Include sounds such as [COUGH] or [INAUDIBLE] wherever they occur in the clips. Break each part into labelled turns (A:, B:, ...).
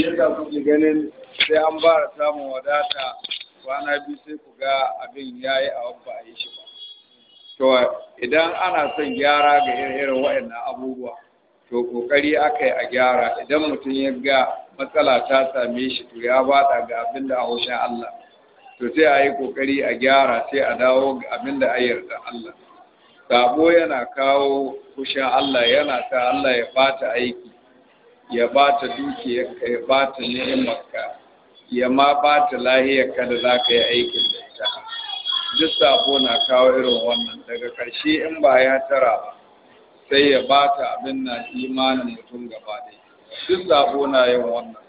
A: yadda kuke ganin sai an ba da samun wadata kwana biyu sai ku ga abin ya yi a wabba a yi shi ba to idan ana son gyara ga irin waɗannan abubuwa to kokari aka yi a gyara idan mutum ya ga matsala ta same shi to ya bada ga abin da a Allah to sai a yi kokari a gyara sai a dawo ga abin da a yarda Allah sabo yana kawo kushin Allah yana sa Allah ya bata aiki ya bata dukiyarka ya ta ni'imarka ya ma ta lahiyarka da za ka yi aikin da ita duk sabo na kawo irin wannan daga ƙarshe in ba ya tara ba sai ya ta abin na imanin mutum gaba ɗaya duk sabo na yin wannan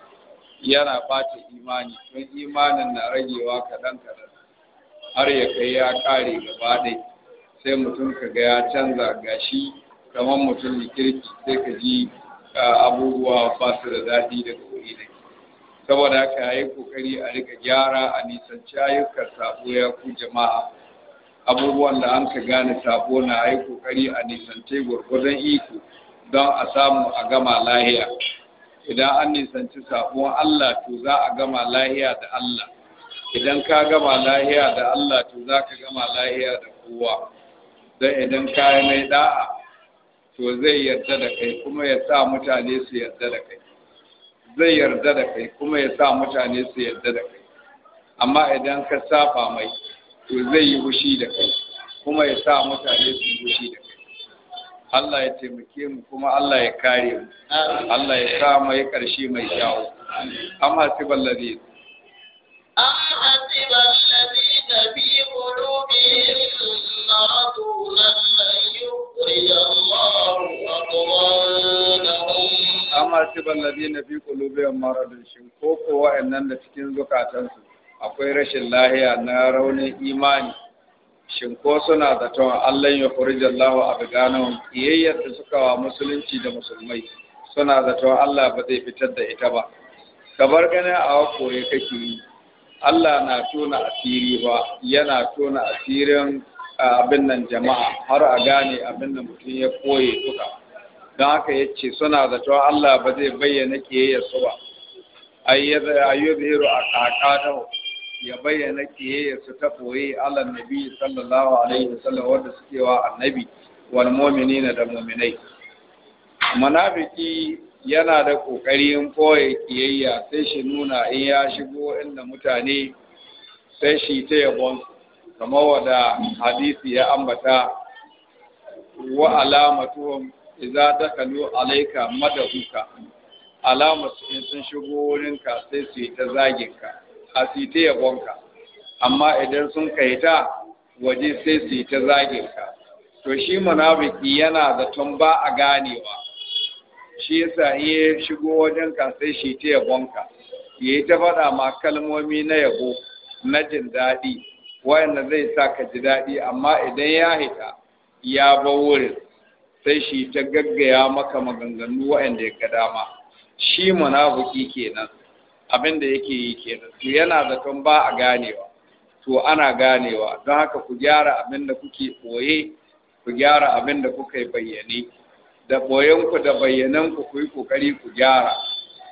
A: yana ta imani don imanin na ragewa kadan kaɗan har ya kai ya ƙare gaba ɗaya sai mutum ka ga ya canza gashi kamar mutum kirki sai ka ji abubuwa ba su da zafi daga wuri ne saboda haka ya yi kokari a rika gyara a nisanci ayyukan sabo ya ku jama'a abubuwan da an ka gane sabo na ya yi kokari a nisanci gwargwadon iko don a samu a gama lahiya idan an nisanci sabon Allah to za a gama lahiya da Allah idan ka gama lahiya da Allah to za ka gama lahiya da kowa don idan ka yi mai da'a to zai yarda da kai kuma ya sa mutane su yarda da kai zai yarda da kai kuma ya sa mutane su yarda da kai amma idan ka saba mai to zai yi hushi da kai kuma ya sa mutane su yi hushi da kai Allah ya taimake mu kuma Allah ya kare mu Allah ya sa mai karshe mai kyawu amma hasibal ladhi
B: am hasibal ladhi fi qulubihim رسولا يخرج الله أضوانهم
A: أما سب maradun في قلوبهم مرض شنكوك da cikin زكاتنسو akwai rashin lahiya na raunin imani shin ko suna zaton Allah ya furija Allah a biganan kiyayyar da suka wa musulunci da musulmai suna zaton Allah ba zai fitar da ita ba kamar gani a koye kake yi Allah na tona asiri ba yana tona asirin abin nan jama'a har a gane abin da mutum ya koye duka don haka ya ce suna zato Allah ba zai bayyana kiyayyarsu ba ayyuzhiru a kakatahu ya bayyana kiyayyarsu ta koye Allah nabi sallallahu alaihi wasallam wanda suke wa annabi wal mu'minina da mu'minai munafiki yana da kokarin koye kiyayya sai shi nuna in ya shigo inda mutane sai shi ta yabonsu kamar wada hadisi ya ambata wa alamatuhum idza dakalu alayka madahuka alamatu in sun shigo wurinka sai su yi ta zaginka a su yi ta yabonka amma idan sun kai ta waje sai su yi ta zaginka to shi munafiki yana da ba a ganewa shi yasa iya shigo wajen ka sai shi ta yabonka ya yi ta faɗa ma kalmomi na yabo na jin daɗi wanda zai sa ka ji daɗi amma idan ya hita ya ba wurin sai shi ta gaggaya maka maganganu wayanda ya ga dama shi munafiki kenan abin da yake yi kenan to yana zaton ba a ganewa to ana ganewa don haka ku gyara abin da kuke ɓoye ku gyara abin da kuka yi bayyane da ɓoyenku da bayyananku ku yi ƙoƙari ku gyara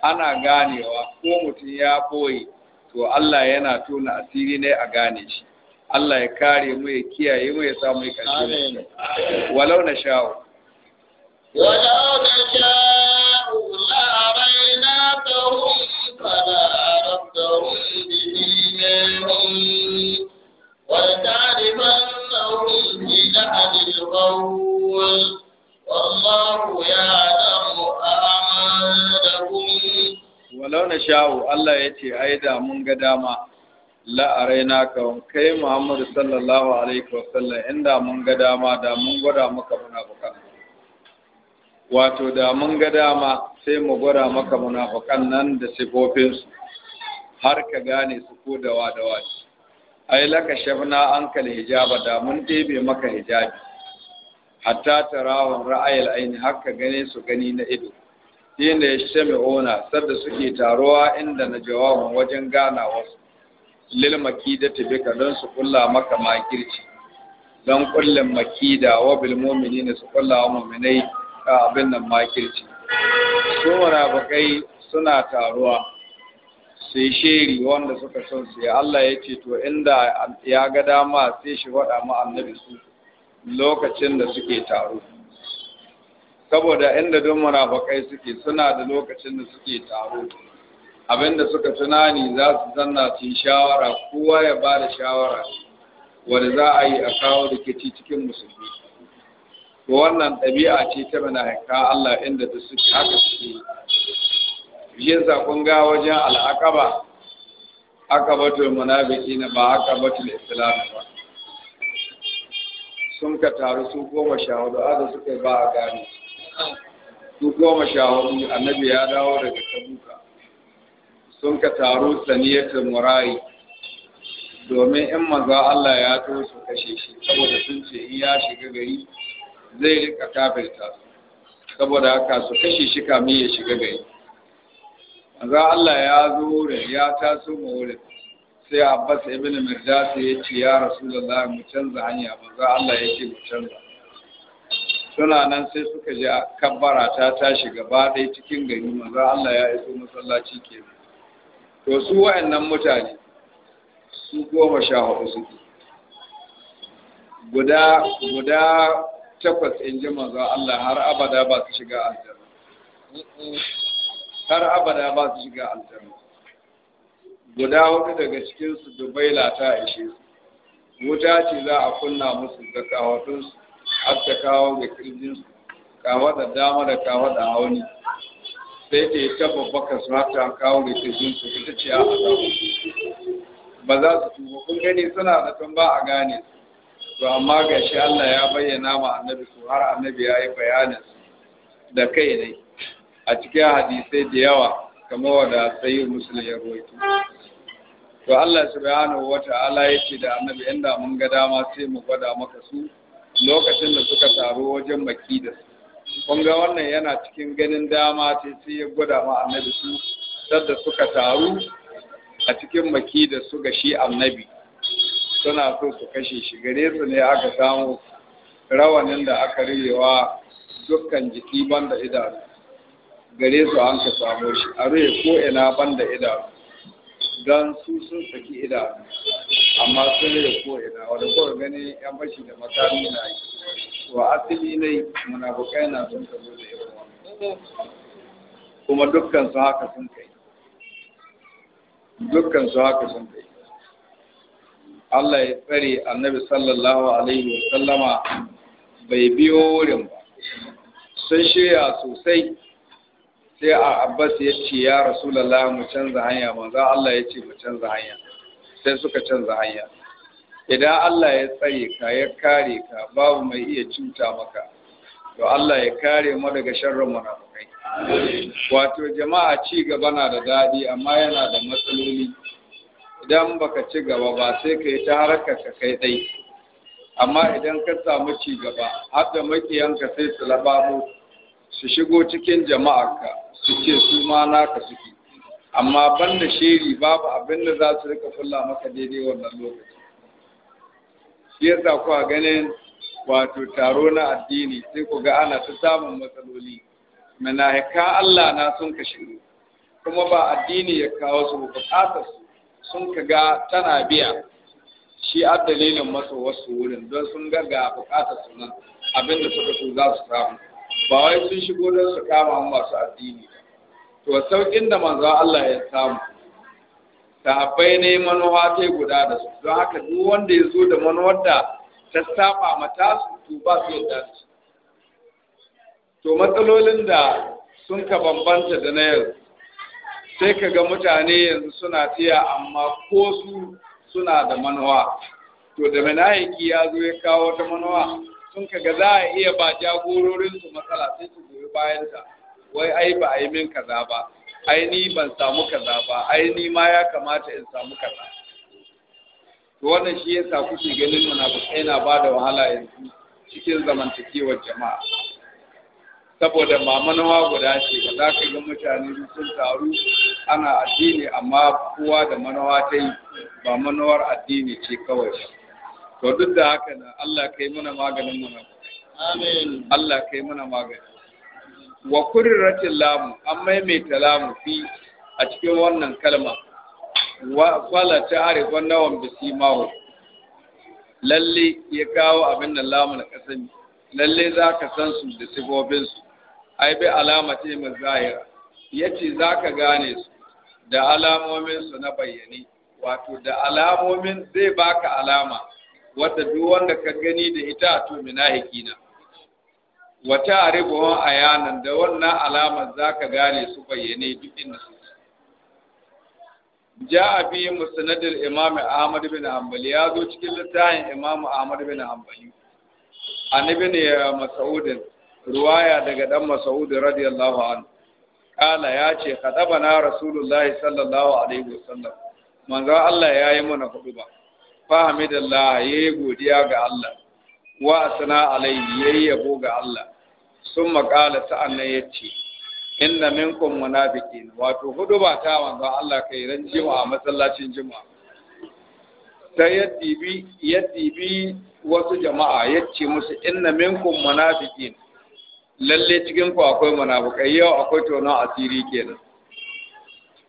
A: ana ganewa ko mutum ya ɓoye to Allah yana tona asiri ne a gane shi Allah ya kare mu ya kiyaye mu ya samu ƙarshe walau na sha'u
B: walau na sha'u la raina ta hum fala rabbahum bihimihum wa ta'rifannahum fi ila al-qawl wallahu ya'lamu a'malahum
A: walau na sha'u Allah ya ce ai da mun ga dama la'araina ka kai Muhammadu sallallahu alaihi wasallam inda mun ga dama da mun gwada maka munafukan wato da mun ga dama sai mu gwada maka munafukan nan da sifofinsu har ka gane su ko da wadawa ai laka shafna an kal hijaba da mun debe maka hijabi hatta tarawon ra'ayil aini har ka gane su gani na ido inda ya shame ona sadda suke taruwa inda na jawabin wajen gana wasu lil makidati bika don su kula maka makirci don kullum makida wa bil mu'minina su kulla wa mu'minai abin nan makirci su munafikai suna taruwa su yi sheri wanda suka son su Allah ya ce to inda ya ga dama sai shi waɗa mu annabi su lokacin da suke taro saboda inda don munafikai suke suna da lokacin da suke taro abinda suka tunani za su zanna su shawara kowa ya ba da shawara wanda za a yi a kawo rikici cikin musulmi ko wannan ɗabi'a ce ta haka Allah inda da suke haka suke yin kun ga wajen al'aqaba aqabatul munafiqina ba aqabatul islam ba sun ka taru su goma sha hudu aza suka ba a gane su goma sha hudu annabi ya dawo daga tabuka sun ka taru saniyatul murayi domin in maza Allah ya to su kashe shi saboda sun ce in ya shiga gari zai rika kafirta saboda haka su kashe shi kamin ya shiga gari maza Allah ya zo wurin ya taso ma wurin sai Abbas ibn Mirdasi ya ce ya rasulullahi mu canza hanya maza Allah ya ce mu canza suna nan sai suka ji kabbara ta tashi gaba ɗaya cikin gari maza Allah ya iso masallaci kenan to su wa'annan mutane su goma sha hudu suke guda guda takwas in ji manzo Allah har abada ba su shiga aljanna har abada ba su shiga aljanna guda hudu daga cikin su dubaila ta ishe su wuta ce za a kunna musu da su har ta kawo ga kirjinsu kawo da dama da kawo da hauni sai ta yi ta su har ta kawo rikicin su ita ce a
B: azabu
A: ba za su tuba kun gani suna da tun ba a gane su to amma ga shi Allah ya bayyana ma annabi su har annabi ya yi bayanin su da kai ne a cikin hadisai da yawa kamar wanda sai musulun ya ruwaito to Allah subhanahu wata'ala yace da annabi inda mun ga dama sai mu gwada maka su lokacin da suka taru wajen maki da kun wannan yana cikin ganin dama ce sai ya gwada ma annabi su sadda suka taru a cikin maki da su ga shi annabi suna so su kashe shi gare su ne aka samu rawanin da aka rirewa dukkan jiki banda idanu gare su an ka samu shi a rufe ko ina banda idanu don su sun saki idanu amma sun rage ko ina wani kawai gani yan bashi da makami na yi to asili ne bukai na sun tabo da yawa kuma dukkan su haka sun kai dukkan su haka sun kai Allah ya tsare annabi sallallahu alaihi wa sallama bai biyo wurin ba sun shirya sosai sai a abbas ya ce ya rasulallah mu canza hanya manzo Allah ya ce mu canza hanya sai suka canza hanya idan Allah ya tsaye ka ya kare ka babu mai iya cuta maka to Allah ya kare mu daga sharrin munafukai wato jama'a ci gaba na da daɗi, amma yana da matsaloli idan baka ci gaba ba sai kai ta harkar ka kai dai amma idan ka samu ci gaba har da makiyanka sai su lababo su shigo cikin jama'arka su ce su ma naka suke amma ban da shiri babu abin da za su rika fulla maka daidai wannan lokaci shi yasa kuwa ganin wato taro na addini sai ku ga ana ta samun matsaloli manahika Allah na sun ka shigo kuma ba addini ya kawo su bukatar su sun ka ga tana biya shi a dalilin masa wasu wurin don sun ga ga bukatar su nan abin da suka so za su samu ba wai sun shigo don su kama masu addini to saukin da manzo Allah ya samu bai ne manuwa ta guda da su don haka duk wanda ya zo da manuwar da ta saba mata su to ba su yadda su to matsalolin da sun ka bambanta da na yau sai ka ga mutane yanzu suna tiya amma ko su suna da manuwa to da manahiki ya zo ya kawo ta manuwa sun ka za a iya ba jagororinsu matsala sai su goyi bayanta wai ai ba a yi min kaza ba ai ni ban
B: samu kaza ba ai ni
A: ma ya kamata in samu kaza to wannan shi yasa kuke ganin munafikai na ba da wahala yanzu cikin zamantakewar jama'a saboda mamanawa guda ce ba za ka ga mutane sun taru ana addini amma kowa da manawa ta yi ba manawar addini ce kawai ba to duk da haka na Allah kai mana maganin munafikai amin Allah kai mana maganin wa kurratin lamu an maimaita lamu fi a cikin wannan kalma wa kwala ta arifan nawan bisi mawo lalle ya kawo abin da lamu na kasani lalle za ka san su da sifobinsu ai bi alama ce mai zahira ya ce za ka gane su da alamominsu na bayyane wato da alamomin zai baka alama Wata duk wanda ka gani da ita to minahiki na wata a yanar da wannan alamar za ka gane su bayyane duk inda su ja a fi musnadil imam ahmad bin hanbali ya zo cikin littafin imam ahmad bin hanbali an ibn mas'ud ruwaya daga dan mas'ud radiyallahu anhu Kana ya ce na, rasulullahi sallallahu alaihi wasallam manzo Allah ya yi mana huduba fa ya yayi godiya ga Allah wa asna alaihi yayi yabo ga Allah sun makala sa'annan ya ce inna minkum wato hudu ba ta wanzu Allah kai ran jima'a masallacin jima'a ta yadda bi wasu jama'a yace musu inna minkum lallai lalle cikin ku akwai munafukai yau akwai tonon asiri kenan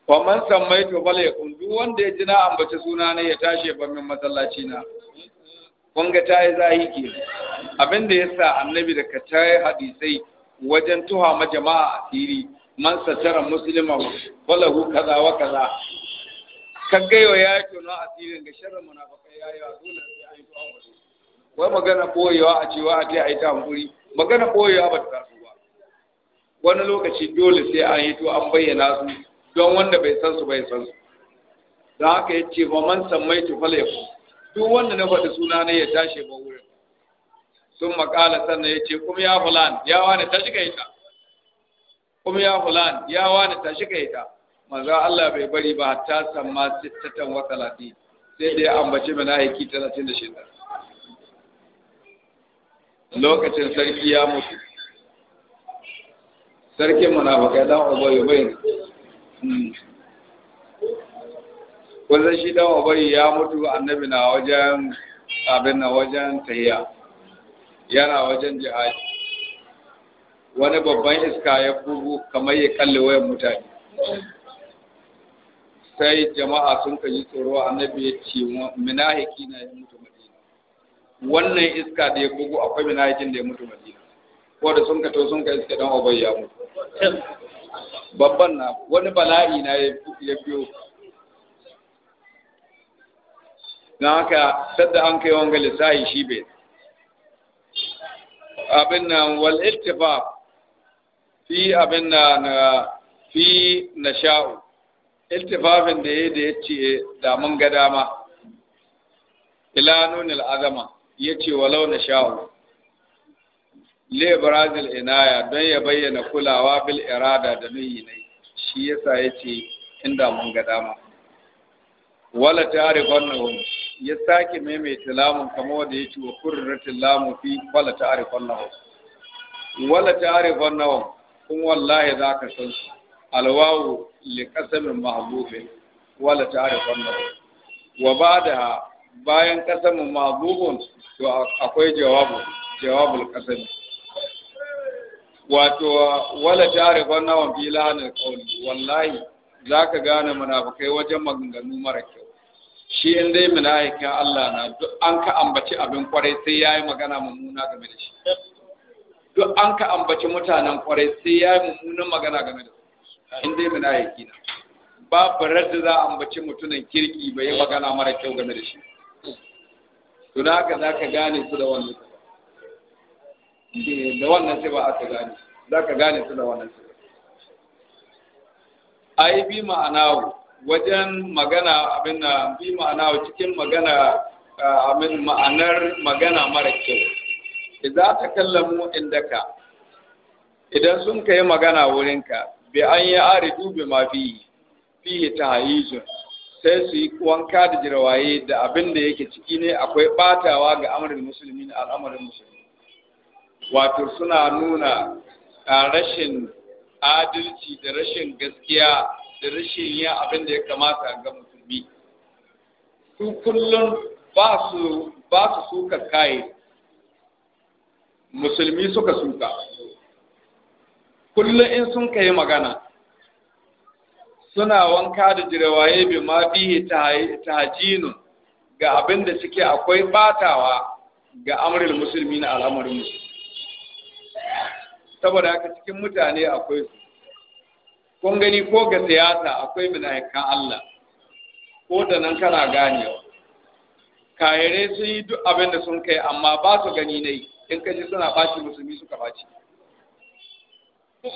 A: wa man sammaitu bal yakun duk wanda ya ji na ambaci suna ne ya tashe ban min masallaci na kun ga tayi zahi kenan abin da ya sa annabi da ka tayi hadisai wajen tuha ma jama'a asiri man satara muslima falahu kaza wa kaza kagga ya yi na asirin ga sharrin munafikai ya yi dole sai an yi tuwa wasu wai magana koyewa a cewa a a yi ta hankuri magana koyewa ba ta taso ba wani lokaci dole sai an yi to an bayyana su don wanda bai san su bai san su don haka yace ba man sammai tu fala yaku duk wanda na faɗi suna ne ya tashi ba wurin sun makala sannan ya ce kuma ya fulan ya wani ta shiga ita kuma ya fulan ya wani ta shiga ita manzo Allah bai bari ba hatta samma sittatan wa talatin sai dai ambaci da 36 lokacin sarki ya mutu sarkin munafikai dan ubayu bai wannan shi dan ubayu ya mutu annabi na wajen abin na wajen tahiya yana wajen jihadi wani babban iska ya bugu kamar ya kalle wayan mutane sai jama'a sun kaji tsoro annabi ya ce minahiki na ya mutu madina wannan iska da ya bugu akwai minahikin da ya mutu madina ko da sun kato sun kai iska dan obai ya mutu babban na wani bala'i na ya biyo na haka sadda an kai wanga lissahi shi bai abin nan wal fi abin nan fi nasha'u iltifafin da ya da ya ce da mun ga dama ila nunil azama ya ce walau nasha'u le brazil inaya don ya bayyana kulawa bil irada da nuyi ne shi yasa ya ce inda mun ga dama wala hun ya sake maimaita lamun kamar wanda ci wa kurratil lamu fi wala hun wala hun kun wallahi ka san su alwawu li kasamin mahbubin wala hun wa ba da bayan kasamin mahbubun to akwai jawabu jawabul qasami wato wala hun fi lahanil qawli wallahi za ka gane munafikai wajen maganganu mara kyau shi in dai mala'ikan Allah na duk an ka ambaci abin kwarai sai yayi magana mummuna game da shi duk an ka ambaci mutanen kwarai sai yayi mummunan magana game da shi, in dai mala'iki na babu da za a ambaci mutunan kirki bai magana mara kyau game da shi to da za ka gane su da wannan eh, da wannan sai ba ka gane za ka gane su da wannan sai ai bi ma'anawo wajen magana abin na bi ma'ana cikin magana abin ma'anar magana mara kyau ta mu inda ka. idan sun kai magana wurinka bi an yi aridu bi ma fi fi tahyizun sai su yi wanka da jirwaye da abin da yake ciki ne akwai batawa ga amurin musulmi na al'amarin musulmi wato suna nuna rashin adalci da rashin gaskiya da rashin yin abin da ya kamata ga musulmi
B: su kullum
A: ba su ba su suka kai musulmi suka suka kullum in sun kai magana suna wanka da jirawaye bi ma bihi tahajinun ga abin da suke akwai batawa ga amril musulmi na al'amarin musulmi saboda haka cikin mutane akwai su kun gani ko ga siyasa akwai munafikan Allah ko da nan kana ganewa kayare sun yi duk abin da sun kai amma ba su gani ne in ka ji suna ɓaci musulmi suka ɓaci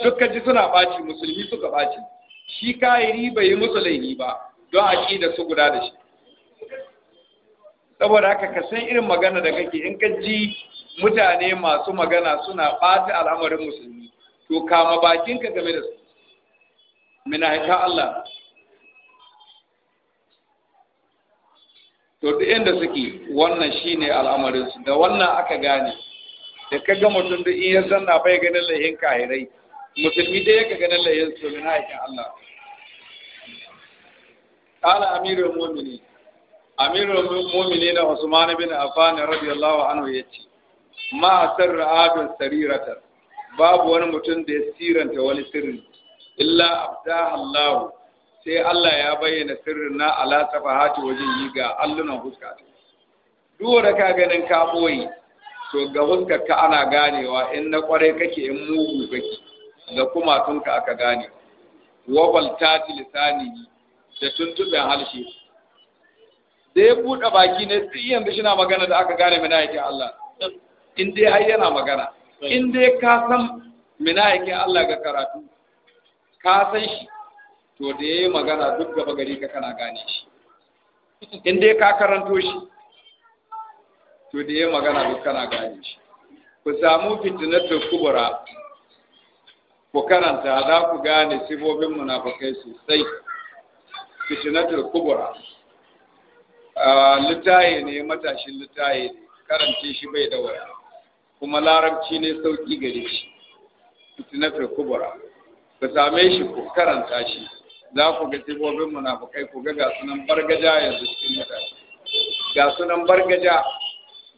A: duk ka ji suna ɓaci musulmi suka ɓaci shi kayari bai yi musu laifi ba don da su guda da shi saboda haka ka san irin magana da kake in ka ji mutane masu magana suna ɓata al'amarin musulmi to kama bakinka game da su mina insha Allah to duk inda suke wannan shine al'amarin su da wannan aka gane da kaga mutum da in ya zanna bai ganin lahin kahirai musulmi da yake ganin lahin su mina insha Allah قال Amiru mu'mini Amiru mu'mini na usman bin affan radiyallahu anhu yace ma sarra abin sarirata babu wani mutum da ya siranta wani sirri illa abda Allah sai Allah ya bayyana sirrin na ala tafahati wajen yi ga allunan huska duk da ka ganin ka boye to ga huskar ka ana ganewa in na kwarai kake in mugu kake da kuma tunka aka gane wa baltati lisani da tuntuɓen halshe Zai buɗe baki ne sai yanzu shi na magana da aka gane mina yake Allah in dai har yana magana in dai ka san mina yake Allah ga karatu ka san shi to da ya yi magana duk gaba gari ka kana gane shi in dai ka karanto shi to da ya yi magana duk kana gane shi ku samu fitnatul kubura ku karanta za ku gane sifofin munafikai sosai kubura kubra littaye ne matashin littaye ne karance shi bai da waya kuma larabci ne sauki gare shi fitnatul kubura. ku same shi ku karanta shi za ku ga tibobin munafukai ku ga ga sunan bargaja yanzu cikin mutane ga sunan bargaja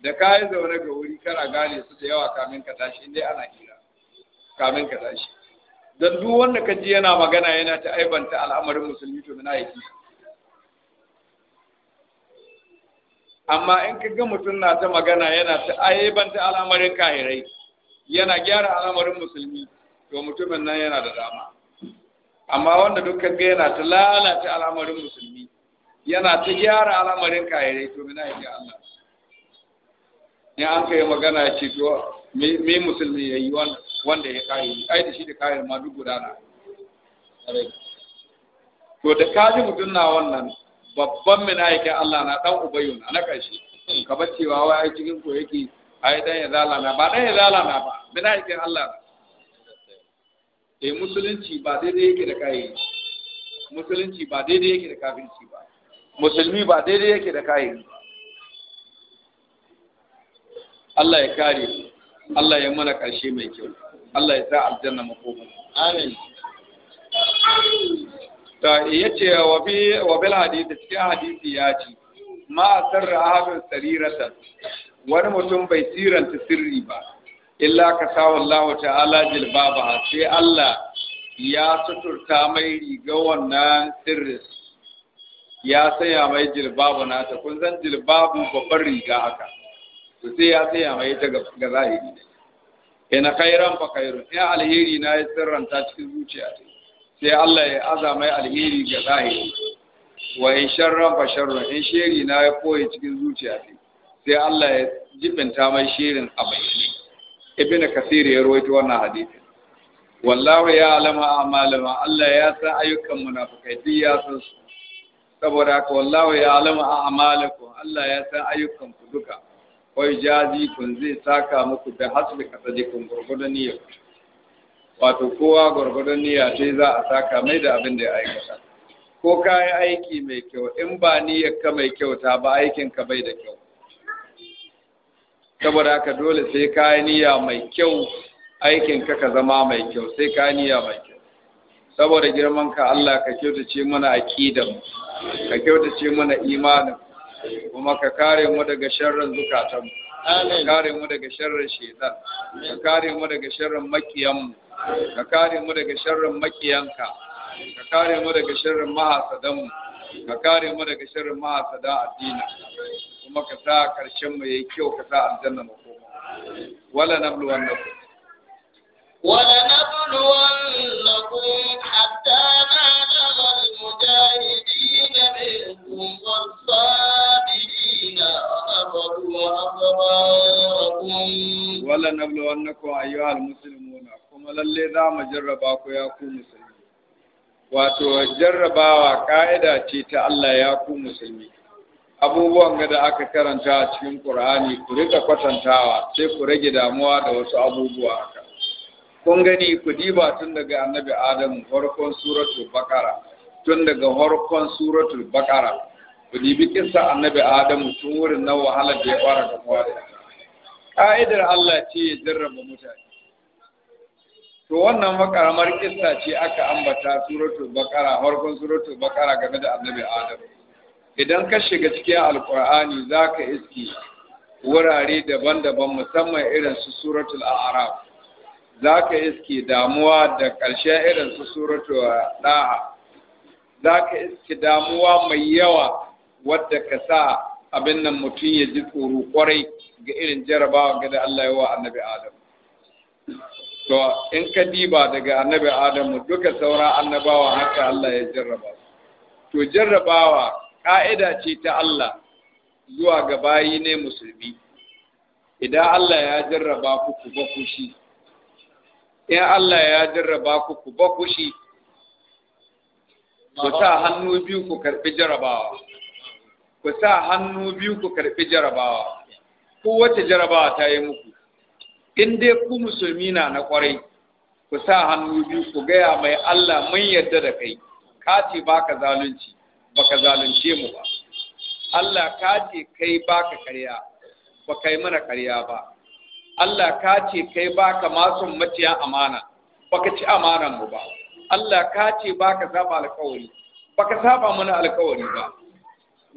A: da ka yi zaune ga wuri kana gane su da yawa kamin ka tashi inda ana kira kamin ka tashi don duk wanda ka ji yana magana yana ta aibanta al'amarin musulmi to muna yake amma in ka ga mutum na ta magana yana ta aibanta al'amarin kahirai yana gyara al'amarin musulmi to mutumin nan yana da dama amma wanda duk kaga yana ta lalace al'amarin musulmi yana ta gyara al'amarin kayarai to mina yake Allah ne an kai magana ce to me musulmi yayi wanda ya kayi ai da shi da kayan ma duk gudana to da kaji mutum na wannan babban mina yake Allah na dan ubayyuna na kashi ka cewa wai cikin ko yake ai dan ya zalana ba dan ya zalana ba mina yake Allah eh musulunci ba daidai yake da kayi musulunci ba daidai yake da kafirci ba musulmi ba daidai yake da kayi Allah ya kare Allah ya mana karshe mai kyau Allah ya sa aljanna makoma amin ta yace wa bi wa bil hadith cikin hadisi ya ce ma sarra ahadun sariratan wani mutum bai siranta sirri ba illa ka sawa Allah ta'ala jilbaba sai Allah ya suturta mai riga wannan sirris ya saya mai jilbabu ta, kun san jilbabu babbar riga haka to sai ya saya mai ta ga zahiri ne ina khairan fa khairun ya alheri na ya sirranta cikin zuciya ta sai Allah ya aza mai alheri ga zahiri wa in sharran fa sharran in sheri na ya koyi cikin zuciya ta sai Allah ya jibinta mai shirin a bayyane ibn kasir ya rawaito wannan hadisi wallahu ya alama amalama Allah ya san ayyukan munafikai duk ya san su saboda haka wallahu ya alama amalaku Allah ya san ayyukan ku duka wai jazi kun zai saka muku da hasbi kasajikum gurgudan niyyar wato kowa gurgudan niyya sai za a saka mai da abin da ya aikata ko ka yi aiki mai kyau in ba niyyar ka mai kyau ta ba aikin ka bai da kyau saboda haka dole sai ka yi niyya mai kyau aikin ka ka zama mai kyau sai ka yi niyya mai kyau saboda girman ka Allah ka kyautace mana aqidan ka kyautace mana imanin kuma ka kare mu daga sharrin zukatan ka kare mu daga sharrin shaytan ka kare mu daga sharrin makiyan ka kare mu daga sharrin makiyanka ka kare mu daga sharrin mahasadan ka kare mu daga sharrin mahasadan addini kuma ka sa karshen mu yayi kyau ka sa aljanna mu koma wala nabluwannakum
B: wala nabluwannakum hatta na'lam al-mujahidin minkum wa sabirin
A: wala nabluwannakum ayyuhal muslimuna kuma lalle za mu jarraba ku ya ku musulmi wato jarrabawa ka'ida ce ta Allah ya ku musulmi abubuwan da aka karanta a cikin Qur'ani ku rika kwatantawa sai ku rage damuwa da wasu abubuwa haka kun gani ku diba tun daga annabi Adamu farkon suratul Baqara tun daga farkon suratul Baqara ku dibi kissa annabi Adamu tun wurin nan wahala da ya fara kowa da ka'idar Allah ce ya jarraba mutane to wannan makaramar kissa ce aka ambata suratul Baqara farkon suratul Baqara game da annabi Adamu idan ka shiga cikin alkur'ani za ka iski wurare daban-daban musamman irin su suratul a'raf za ka iske damuwa da ƙarshen irin su suratul da'a za ka iske damuwa mai yawa wadda ka sa abin nan mutum ya ji tsoro kwarai ga irin jarabawa ga da Allah ya wa annabi Adam. To in ka diba daga annabi adam duka sauran annabawa haka Allah ya jarraba. To jarrabawa ƙa'ida ce ta Allah zuwa ga bayi ne musulmi idan Allah ya jarraba ku ku ba kushi in Allah ya jarraba ku ku ba kushi
B: ku sa hannu
A: biyu ku karɓi jarabawa ku sa hannu biyu ku karɓi jarabawa ku wace jarabawa ta yi muku in dai ku musulmi na na kwarai ku sa hannu biyu ku gaya mai Allah mun yadda da kai ka ce baka zalunci baka zalunce mu ba Allah ka ce kai baka karya ba kai mana karya ba Allah ka ce kai baka masun maciya amana
B: baka ci amanan
A: mu ba Allah ka ce baka saba alkawari baka saba mana alkawari ba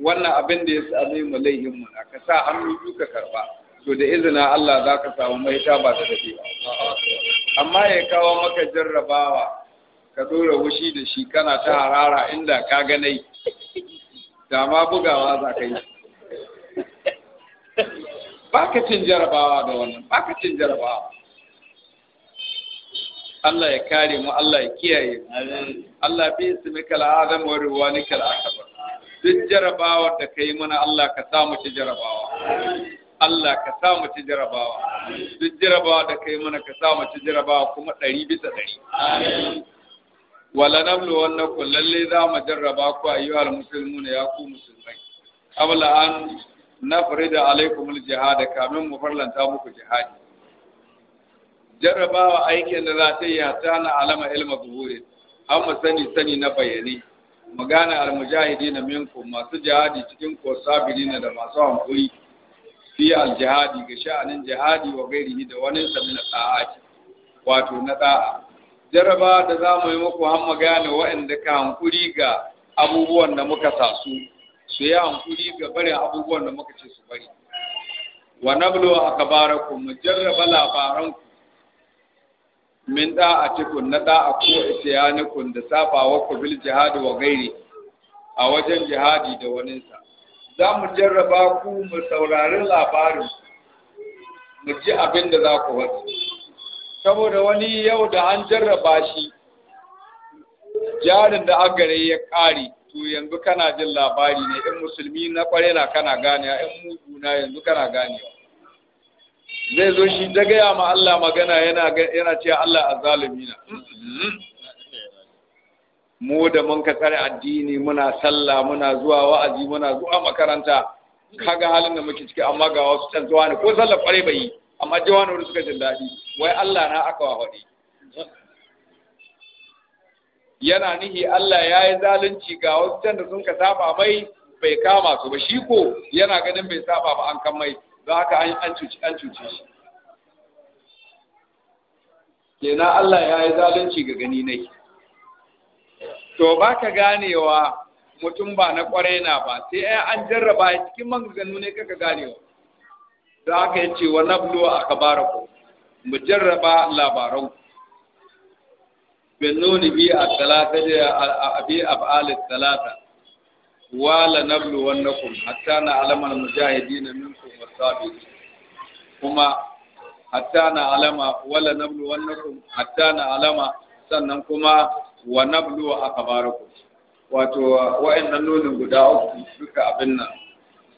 A: wannan abin da ya same mu laihin mu ka sa hannu duka karba to da izina Allah za ka samu maita ba ta tafi ba amma ya kawo maka jarrabawa ka dora wushi da shi kana ta harara inda ka ganai da ma bugawa za ka yi ba ka cin jarabawa da wannan ba ka cin jarabawa Allah ya kare mu Allah ya kiyaye mu Allah bi ismika al adam wa ruwanika al-akbar duk jarabawa da kai mana Allah ka sa mu ci jarabawa Allah ka sa mu ci jarabawa duk jarabawa da kai mana ka sa mu ci jarabawa kuma ɗari bisa ɗari wala namlu wannakum lalle za mu jarraba ku ayyuha almuslimuna ya ku musulmai qabla an nafrida alaikum aljihad kamin mu farlanta muku jihadi jarrabawa aikin da za ta yi ta na alama ilma zuhuri an mu sani sani na bayani mu gane almujahidina minkum masu jihadi cikin ko sabirina da masu hankuri fi aljihadi ga sha'anin jihadi wa gairihi da wani sa min wato na da'a jaraba da za mu yi muku har mu gane waɗanda ka hankuri ga abubuwan da muka tasu su yi hankuri ga barin abubuwan da muka ce su bari wa nablu ku mu jarraba labaranku min cikin na a ko isyanikum da safawa ku bil jihadi wa gairi a wajen jihadi da waninsa za mu jarraba ku mu saurari labarin mu ji abin da za ku wasu saboda wani yau da an jarraba shi jarin da agare ya kare, to yanzu kana jin labari ne in musulmi na kware na kana gane in mugu na yanzu kana gane zai zo shi ta gaya ma Allah magana yana ce cewa Allah a na mu da mun ka tsare addini muna sallah muna zuwa wa'azi muna zuwa makaranta kaga halin da muke ciki amma ga wasu can ne ko sallar kware bai yi amma wurin suka jin daɗi wai Allah na aka wa haɗi yana nihi Allah ya yi zalunci ga wasu can da sun ka saba mai bai kama su ba shi ko yana ganin bai saba ba an kan mai za ka an cuci an cuci shi kenan Allah ya yi zalunci ga gani nai to ba ka ganewa mutum ba na kwarai na ba sai an jarraba cikin maganganu ne kaka ganewa don haka yi ce wa nablu a kabara ku mu jarraba labaran bin nuni bi a talata da abi a ba'alit talata wa la nablu ku hatta na alamar mujahidina minkum wasabi kuma hatta na alama wala nablu ku hatta na alama sannan kuma wa nablu a ku wato wa'annan nunin guda uku duka abin nan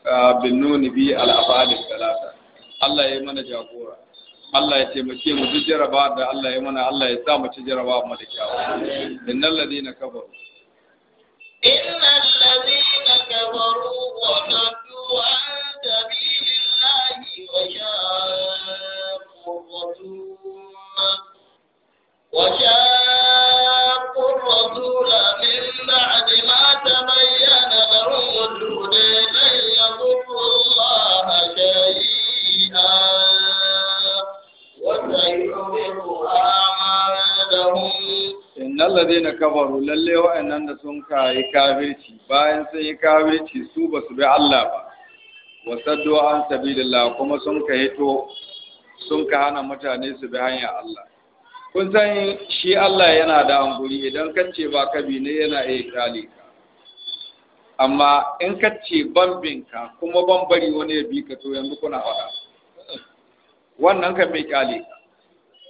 A: ah, bin nuni bi al'afalin talata Allah ya mana jagora Allah ya taimake mu duk jaraba da Allah ya mana Allah ya sa mu ci jaraba mu da kyawu innal ladina kafaru kafaru lalle wa'annan da sun kayi kafirci bayan sun yi kafirci su ba su bi Allah ba wa saddu an sabilillah kuma sun ka hito sun ka hana mutane su bi hanyar Allah kun san shi Allah yana da hankuri idan kace ba kabi ne yana iya kale ka amma in kace bambin ka kuma bambari wani ya bi ka to yanzu kuna faɗa wannan kan mai kale ka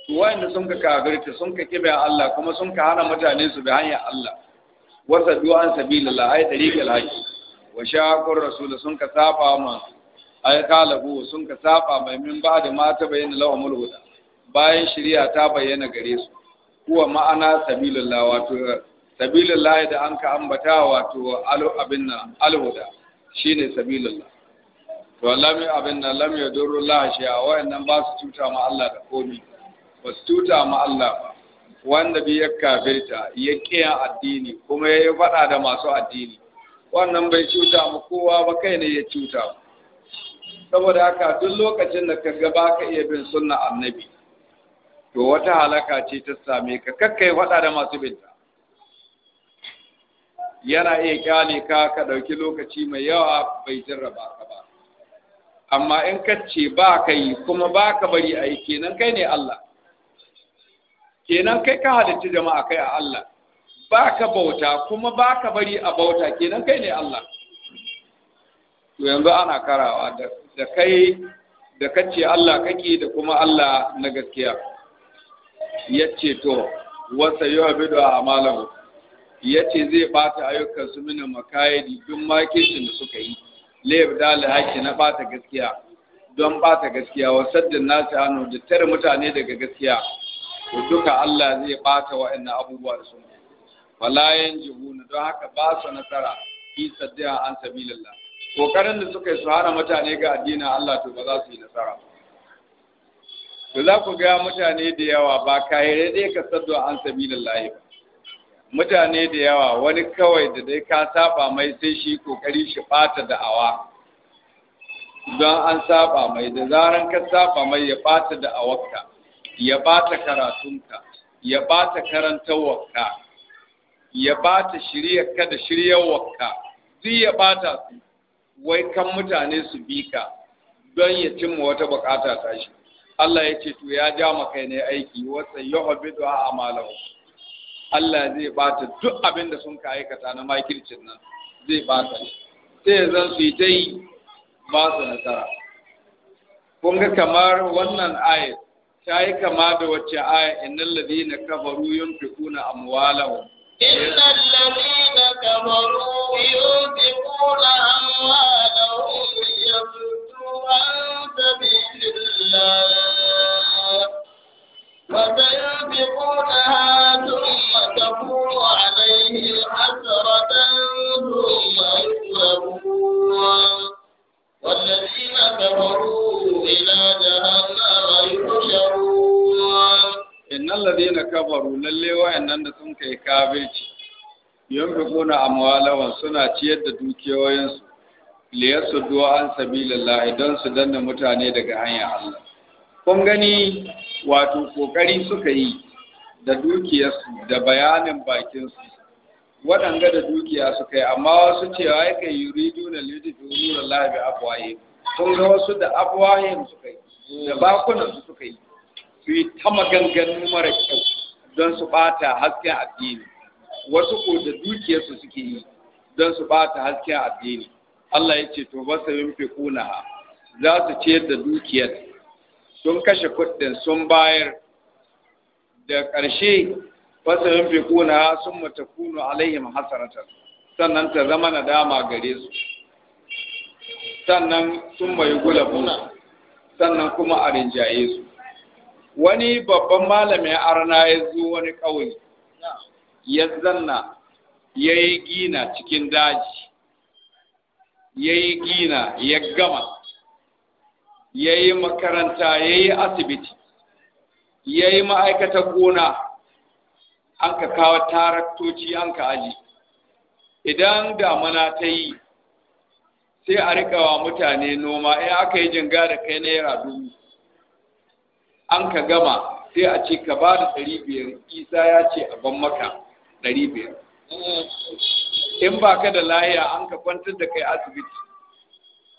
A: wa'anda sun ka kafirta sun ka kibe Allah kuma sun ka hana mutane su bi hanyar Allah wasa du'an sabilillah ay tariqil haqi wa shaqur rasul sun ka saba ma ay kalabu sun ka saba mai min ba da mata bayyana lahumul huda bayan shari'a ta bayyana gare su kuwa ma'ana sabilillah wato sabilillah da an ka ambata wato alu abinna alhuda shine sabilillah to lam abinna lam yadurru la shay'a wa'annan ba su cuta ma Allah da komai ba cuta ma Allah ba wanda bi ya kafirta ya addini kuma ya yi faɗa da masu addini wannan bai cuta mu kowa ba kai ne ya cuta mu saboda haka duk lokacin da ka ga baka iya bin sunna annabi to wata halaka ce ta same ka kakkai faɗa da masu binta yana iya kyale ka ka ɗauki lokaci mai yawa bai jarraba ka ba amma in ka ce ba ka yi kuma baka bari a kenan kai ne Allah kenan kai ka halicci jama'a kai a Allah ba ka bauta kuma ba ka bari a bauta kenan kai ne Allah to yanzu ana karawa da kai da kace Allah kake da kuma Allah na gaskiya yace to wasa yu'bidu amalahu yace zai bata ayyukan su mina makayidi duk makishin da suka yi layab dalil haki na bata gaskiya don bata gaskiya wa saddin nasu anu da tare mutane daga gaskiya to duka Allah zai bata wa'annan abubuwa da sun kai wala jihuna, don haka ba su nasara fi saddiya an sabilillah kokarin da suka yi su hana mutane ga addinin Allah to ba za su yi nasara to za ku ga mutane da yawa ba kayyare dai ka saddo an sabilillah ba mutane da yawa wani kawai da dai ka saba mai sai shi kokari shi bata da'awa don an saba mai da zaran ka saba mai ya bata da'awarka ya bata karatunka ya bata karantawarka ya bata shiryarka da shiryawarka duk ya bata su wai kan mutane su bi ka don ya cimma wata bukata ta shi Allah ya ce to ya ja maka ne aiki wasa a a'malahu Allah zai bata duk abin da sun ka aikata na makircin nan zai bata sai zan su yi ta yi ba su nasara kun ga kamar wannan ayat ta yi kama da wacce aya innal ladina kafaru yunfikuna amwalahum
B: innal ladina kafaru yunfikuna amwalahum liyasuddu an sabilillah wa sayunfikunaha thumma takunu alayhim hasratan thumma yughlabun ina da
A: na kamaro lalle wa yannan da sun kai kabeji! Yawan fi ɓona a mahalar suna ciyar da dukiyoyinsu, filiyarsu duwa ansa biyu lalla idan su danna mutane daga hanya Allah. Kun gani wato ƙoƙari suka yi da dukiyarsu da bayanin bakinsu. waɗanga da dukiya su yi amma wasu cewa ya kai yuridu na lidi nura labi abuwaye kun ga wasu da abuwaye su yi da mm. bakunan su suka yi su yi ta maganganu mara kyau don su ɓata hasken addini wasu ko da dukiyarsu suke yi don su bata hasken addini Allah ya ce to ba su yin fekuna za su ciyar da dukiyar sun kashe kuɗin sun bayar da ƙarshe fasa yin fi kuna sun mata kuno alaihim hasaratar sannan ta zama na dama gare su sannan sun mai gulabun sannan kuma a rinjaye su wani babban malamin arna ya zo wani ƙauye ya zanna ya yi gina cikin daji ya yi gina ya gama ya yi makaranta ya yi asibiti ya yi ma'aikatar gona an ka kawo taraktoci an ka aji idan damana ta yi sai a wa mutane noma ya aka yi jinga da kai naira dubu an ka gama sai a ce ka ba da ɗari biyar isa ya ce a ban maka ɗari biyar in ba ka da lahiya an ka kwantar da kai asibiti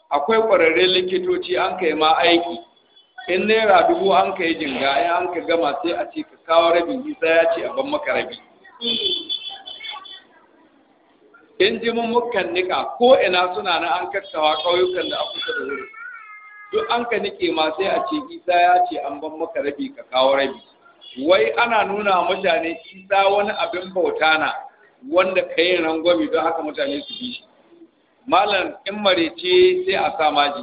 A: akwai ƙwararren likitoci an ka yi ma aiki in naira dubu an ka yi jinga ya an ka gama sai a ce ka kawo rabi isa ya ce a ban maka rabi in ji mummukan nika ko ina suna na an kakkawa ƙauyukan da kusa da wuri duk an ka nike ma sai a ce isa ya ce an ban maka rabi ka kawo rabi wai ana nuna mutane isa wani abin bauta na wanda ka yi rangwami don haka mutane su bi shi malam in marece sai a sa maji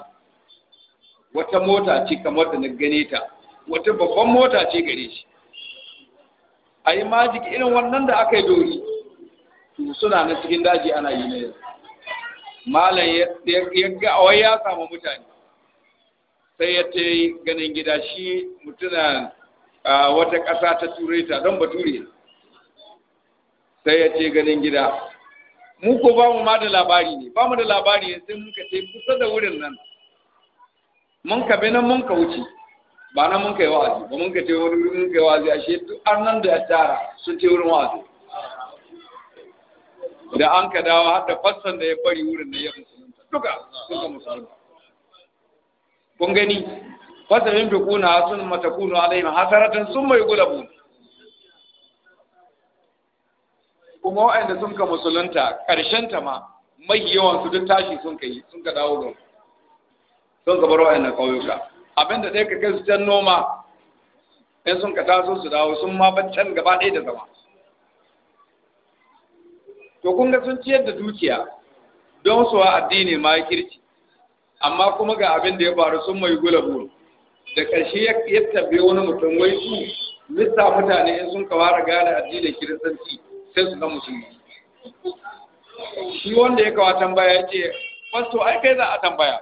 A: wata mota ce kamar da na gane ta wata babban mota ce gare shi a yi majik irin wannan da aka yi dori suna na cikin daji ana yi na yanzu malam ya ga ya samu mutane sai ya ta yi ganin gida shi mutuna wata ƙasa ta ture ta don ba ture sai ya ce ganin gida mu ko ba mu ma da labari ne ba mu da labari ne sai muka ce kusa da wurin nan mun ka bi nan mun ka wuce ba mun kai wa'azi ba mun kai ce mun kai wa'azi a shi duk nan da ya tara sun ce wurin wa'azi da an ka dawo har da fassan da ya bari wurin da ya musulunta duka sun ka musulunta kun gani fasa yin fi na sun mata kunu alaihi hasaratan sun mai bu kuma waɗanda sun ka musulunta ƙarshen ta ma mai yawan su duk tashi sun ka yi sun ka dawo don sun ka bar waɗannan ƙauyuka abinda ɗaya ka kai su can noma in sun ka taso su dawo sun ma can gaba ɗaya da zama to kun ga sun ciyar da dukiya don su wa addini ma ya kirki amma kuma ga abin da ya faru sun mai gula bu da ƙarshe ya tabbe wani mutum wai su lissa mutane in sun kawara gane addinin kiristanci sai su ga musulmi shi wanda ya kawo tambaya ya ce fasto ai kai za a tambaya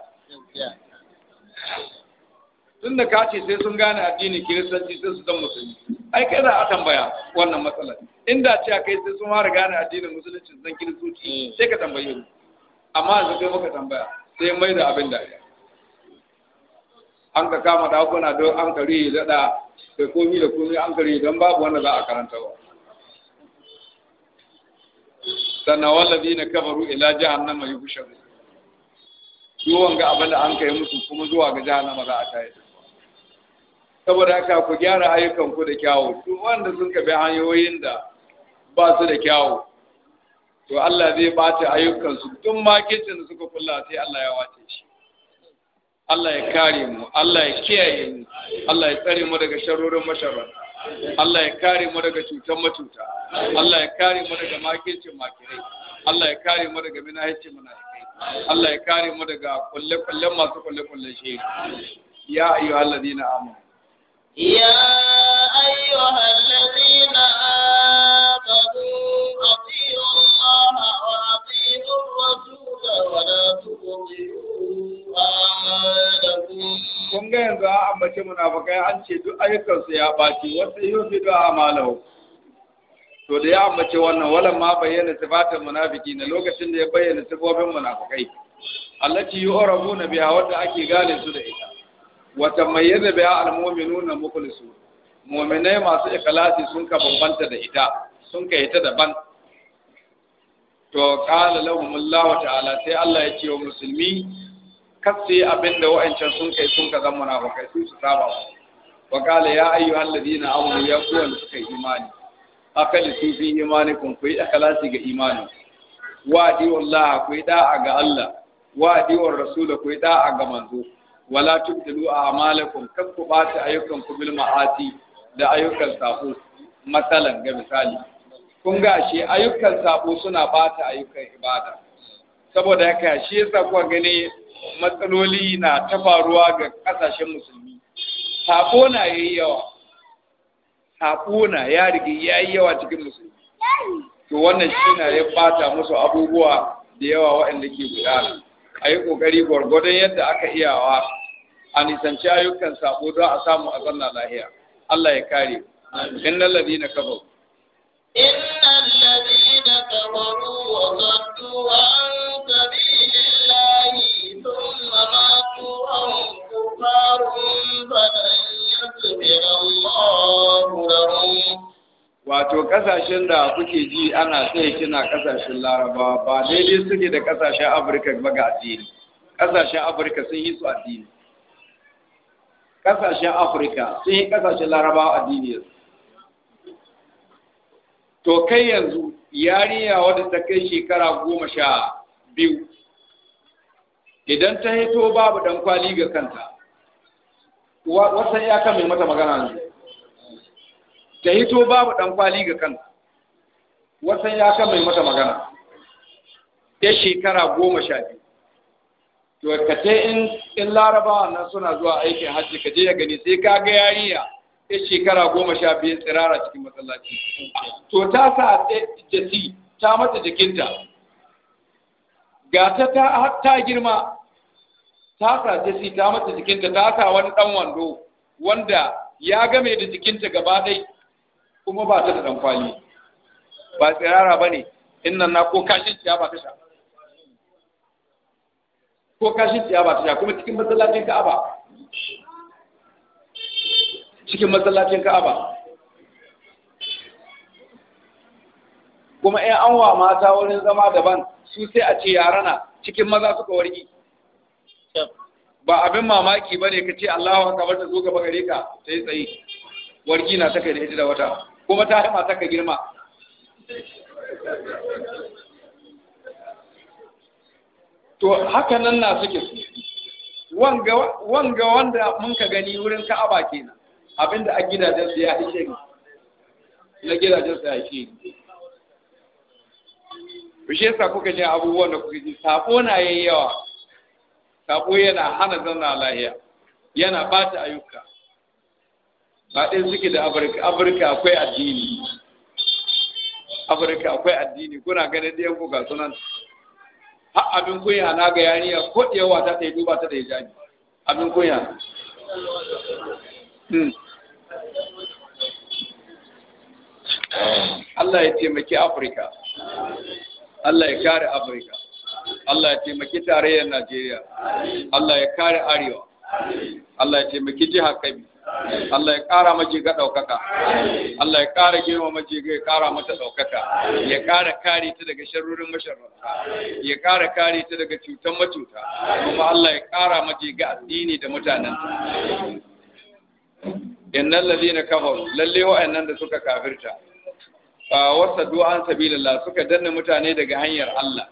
A: tun da kace sai sun gane addini kiristanci sai su zama musulmi ai kai za a tambaya wannan matsalar inda ce kai sai sun fara gane addinin musulunci zan kiristoci mm. sai ka tambaye mu amma yanzu kai muka tambaya sai mai da abin dariya an ka kama kuna don an kare rihi daɗa da komi da komi an kare don babu wanda za a karanta ba sannan wallazi na kafaru ila jahannama yuhsharu duk wanga abin da an kai musu kuma zuwa ga jahannama za a tayi saboda haka ku gyara ayyukan ku da kyawu su wanda sun kafi hanyoyin da ba su da kyawu to Allah zai bata ayyukansu tun makicin da suka kulla sai Allah ya wace shi Allah ya kare mu Allah ya kiyaye mu Allah ya tsare mu daga sharorin masharar Allah ya kare mu daga cutar matuta Allah ya kare mu daga makicin makirai Allah ya kare mu daga minahicin munafikai Allah ya kare mu daga kullu kullu masu kullu kullu shi ya ayyuhallazina amanu يا
B: أيها الذين آمنوا أطيعوا الله وأطيعوا الرسول ولا تبطلوا أعمالكم
A: kun ga yanzu an ambaci munafukai an ce duk ayyukansu ya ɓaci wasu yufi da amalahu to da ya ambace wannan walan ma bayyana sifatin munafiki na lokacin da ya bayyana sifofin munafukai allati yu'rabuna biha wanda ake gane su da ita wata mai yadda biya almominu na mukulisu mominai masu ikhlasi sun ka bambanta da ita sun ka ita daban to qala lahum Allah ta'ala sai Allah ya ce wa musulmi kasse abinda wa'ancan sun kai sun ka zama na munafikai su su saba wa qala ya ayyuhal ladina amanu ya ku wanda suka imani akali su fi kun ku yi ikhlasi ga imani wa di wallahi ku yi da'a ga Allah wa di war rasul ku yi da'a ga manzo wala tubdilu a'malakum kakku bata ayyukan ku bil ma'asi da ayyukan sabo masalan ga misali kun ga shi ayyukan sabo suna bata ayyukan ibada saboda haka shi yasa kuka gani matsaloli na ta ga kasashen musulmi sabo na yayi yawa sabo na ya rige yayi yawa cikin musulmi
B: to wannan shi na ya bata musu
A: abubuwa da yawa waɗanda ke gudana a yi ƙoƙari gwargwadon yadda aka iyawa a nisanci ayyukan sabo don a samu a zanna lahiya Allah ya kare inna na kafaru inna alladhina
B: kafaru wa saddu an sabilillahi thumma matu wa kufarun fa lan yusbira Allahu lahum
A: wato kasashen da kuke ji ana sai kina kasashen larabawa ba daidai suke da kasashen afirka ba ga addini kasashen afirka sun yi su addini kasashen afirka sun yi kasashen larabawa addini to kai yanzu yariya wadda ta kai shekara goma sha biyu idan ta hito babu dan kwali ga kanta wasan ya kan mai mata magana ne ta to babu ɗan kwali ga kan wasan ya kan mai mata magana ta shekara goma sha biyu to ka ce in in larabawa nan suna zuwa aikin hajji ka je ya gani sai ka ga yariya ta shekara goma sha biyu tsirara cikin masallaci to ta sa jasi ta mata jikinta ga ta ta girma ta sa jasi ta mata jikinta ta sa wani ɗan wando wanda ya game da jikinta gaba ɗaya. kuma ba ta da ɗankwali ba tsirara ba ne in na ko kashin ciya ba ta sha ko kashin ciya ba ta sha kuma cikin masallacin ka'aba cikin masallacin ka'aba kuma ‘yan an wa mata wurin zama daban su sai a ce yara na cikin maza suka wargi ba abin mamaki ba ne ka ce Allah wa kamar ta zo gaba gare ka ta yi tsaye wargi na ta kai da ita da wata kuma ta yi ta ka girma to haka nan na suke su wanga wanda mun ka gani wurin ka'aba kenan abinda a gidajen su ya ishe ni na gidajen su ya ishe ni bishe sa kuka ji abubuwan da kuka ji sabo na yayi yawa sabo yana hana zauna lahiya yana bata ayyuka haɗin suke da afirka afirka akwai addini afirka akwai addini kuna ganin ɗayan ku ga sunan har abin kunya na ga yariya ko ɗiyawa ta ɗaya duba ta ɗaya jami abin kunya hmm. Allah ya taimaki Afirka, Allah ya kare Afirka, Allah ya taimaki tarayyar Najeriya, Allah ya kare Arewa, Allah ya taimaki jihar Kabi, Allah ya ƙara maji ga ɗaukaka Allah ya ƙara girma maji ga ya ƙara mata ɗaukaka ya ƙara kare ta daga sharrurin masharrata ya ƙara kare ta daga cutan macuta kuma Allah ya ƙara maji ga addini da mutanen lalle na kafaru lalle wa'annan da suka kafirta wasa du'an sabilillah suka danna mutane daga hanyar Allah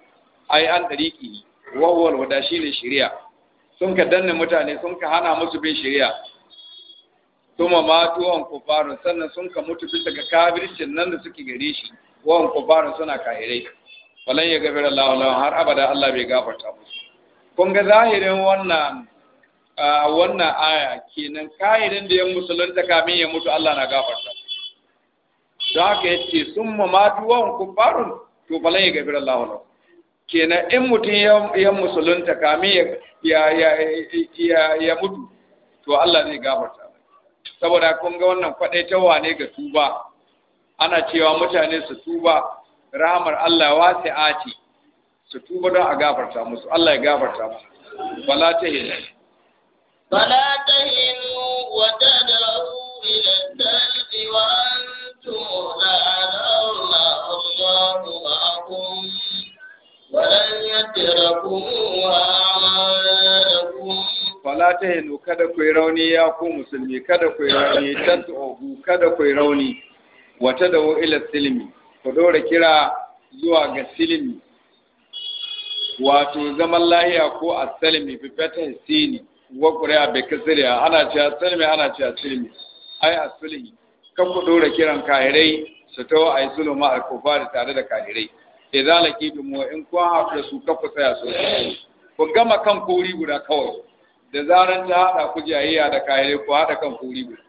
A: ai an ɗariƙi, wawwal wada ne shirya. sun ka danna mutane sun ka hana musu bin shirya. Tuma ma tuwon kufarun sannan sun ka mutu bisa ga kafircin nan da suke gare shi Wawan kufarun suna kahirai falan ya gafir Allah lahum har abada Allah bai gafarta musu kun ga zahirin wannan wannan aya kenan kahirin da musulun musulunta kamin ya mutu Allah na gafarta don haka yace summa ma tuwon kufarun to falan ya gafir Allah lahum kenan in mutum musulun musulunta kamin ya mutu to Allah zai gafarta saboda kun ga wannan kwadaitawa ne ga tuba ana cewa mutane su tuba rahamar Allah wasi'a ce su tuba don a gafarta musu Allah ya gafarta musu bala ta hina
B: bala ta hinu wa tad'u ila al-thalbi wa antum la'ana Allahu ma'akum wa lan yatrakum wa amalakum
A: fala ta hinu kada ku rauni ya ku musulmi kada ku rauni tad'u kada ku rauni wa tad'u ila silmi ku dora kira zuwa ga silmi wato zaman lahiya ko asalmi fi fatan sini wa qur'a bi kasriya ana a asalmi ana a silmi ai asulhi kan ku dora kiran kahirai su tawo ai sulma al-kufar tare da kahirai idan lakitum wa in kun haɗu da su kafa tsaya sosai ku gama kan kori guda kawai da zaran ta haɗa ku jayayya da kahire ku haɗa kan kuri guda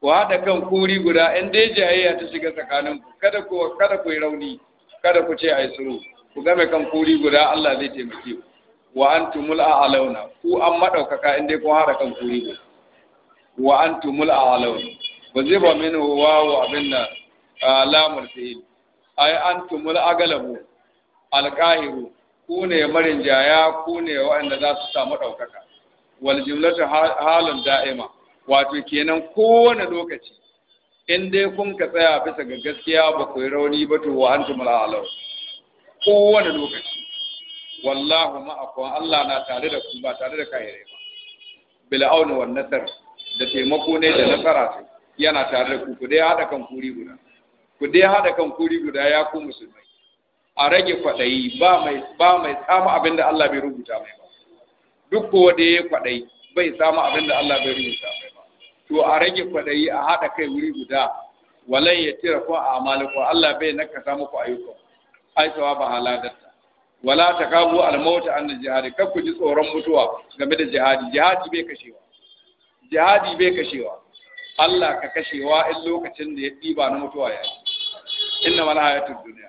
A: ku haɗa kan kuri guda in dai jayayya ta shiga tsakanin ku kada ku kada ku yi rauni kada ku ce ai suru ku game kan kuri guda Allah zai taimake ku wa antumul a'launa ku an madaukaka in dai kun haɗa kan kuri guda wa antumul a'launa ba zai ba min wawu abin nan lamul fi'il ai antumul aglabu alqahiru ku ne marin jaya ku ne waɗanda za su samu ɗaukaka wal jumlatu halun da'ima wato kenan kowane lokaci in dai kun ka tsaya bisa ga gaskiya ba ku yi rauni ba to wa antum alalaw kowane lokaci wallahu ma'akum Allah na tare da ku ba tare da kai ba bil auni wan nasar da taimako ne da nasara yana tare da ku ku dai hada kan kuri guda ku dai hada kan kuri guda ya ku musulmai a rage kwaɗayi ba mai samu abin da Allah bai rubuta mai ba duk ko da ya kwaɗayi bai samu abin da Allah bai rubuta mai ba to a rage kwaɗayi a haɗa kai wuri guda walan ya tira ko a amaliku Allah bai naka samu ku ayyukan ai ba haladatta wala ta kagu almauta an jihadi kar ku ji tsoron mutuwa game da jihadi jihadi bai kashewa jihadi bai kashewa Allah ka kashewa in lokacin da ya ɗiba na mutuwa ya
B: yi
A: inna mal hayatud duniya.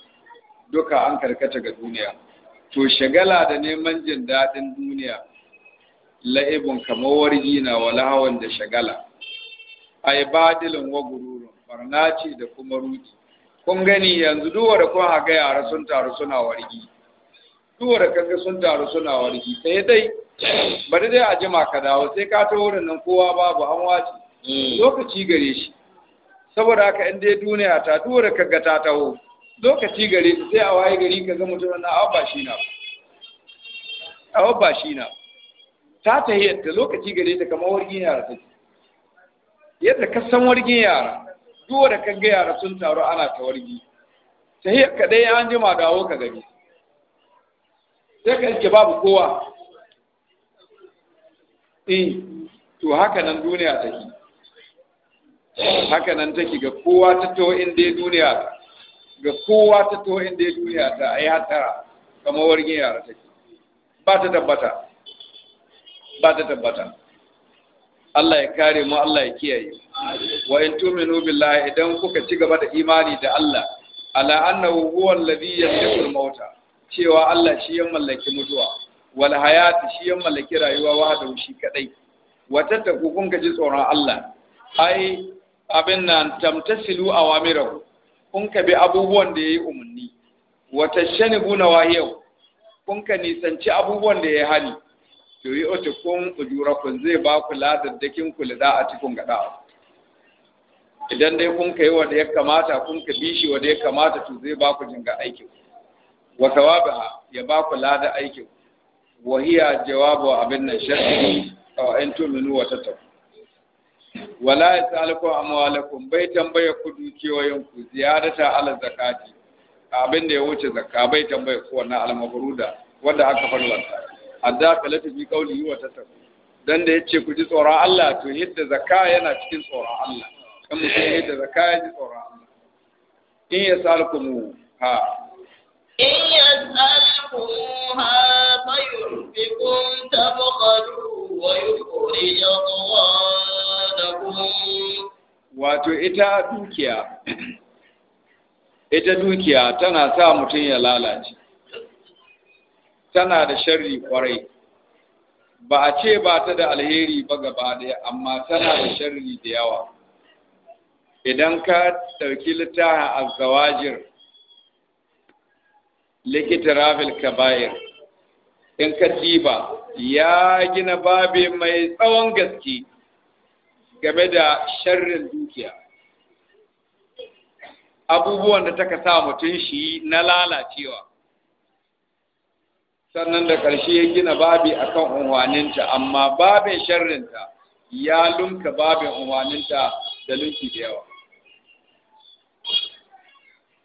A: duka an karkata ga duniya to shagala da neman jin daɗin duniya la'ibun kamar wargi na hawan da shagala ai badilin wa gururun barna ce da kuma ruti kun gani yanzu duwa da kun haga yara sun taru suna wargi duwa da kanka sun taru suna wargi sai dai bari dai a jima ka dawo sai ka ta wurin nan kowa babu an wace mm. lokaci gare shi saboda haka in dai duniya ta duwa da kanka ta taho lokaci gare ta sai a waye gari ka ga mutum na awaba shi na ba shi na ta tahiyyarta lokaci gare ta kamar wargin yara ta yadda ka san wargin yara duk da ka ga yara sun taru ana ta wargi tahiyyar ka ya an jima dawo ka gari sai ka yake babu kowa eh to haka nan duniya take haka nan take ga kowa ta tawo inda duniya ga kowa ta to inda ya duniya ta ya tara kamar wargin yara ke ba ta tabbata ba ta tabbata Allah ya kare mu Allah ya kiyaye wa in tu'minu billahi idan kuka ci gaba da imani da Allah ala annahu huwa alladhi yamliku mauta cewa Allah shi ya mallaki mutuwa wal hayati shi ya mallaki rayuwa wahdahu shi kadai ta ku kun ji tsoron Allah ai abin nan tamtasilu awamirahu kun ka bi abubuwan da ya yi umarni wata shani wa yau, kun ka nisanci abubuwan da ya hali to yi otu kun ujura kun zai ba ku ladaddakin ku da a cikin gada idan dai kun ka yi wanda ya kamata kun ka bi shi wanda ya kamata to zai ba ku jinga aikin
B: wa sawabiha
A: ya ba ku lada aikin wa hiya jawabu abin nan shari'i aw antum minu wa tattaqu wala yasalukum amwalakum bai tambaya ku dukiyoyin ku ziyarata ala zakati abin da ya wuce zakka bai tambaya ku wannan almabruda wanda aka farlanta adda kalatu bi qawli wa tasabu dan da yace ku ji tsoron Allah to yadda zakka yana cikin tsoron Allah kan mutum yadda zakka ya ji tsoron Allah in mu ha
B: in yasalukum ha fayurfikum tabqalu wa yukhrij
A: wato ita dukiya ita dukiya tana sa mutum ya lalace tana da sharri kwarai ba a ce ba ta da alheri ba gaba ɗaya, amma tana da sharri da yawa idan ka ɗauki littafin azawajir rafil kabayir in ka ba ya gina babe mai tsawon gaske game da sharrin dukiya abubuwan da taka sa mutum shi na lalacewa sannan da ƙarshe ya gina babi akan unwaninta amma babin sharrinta ya lunka babin unwaninta da lunki da yawa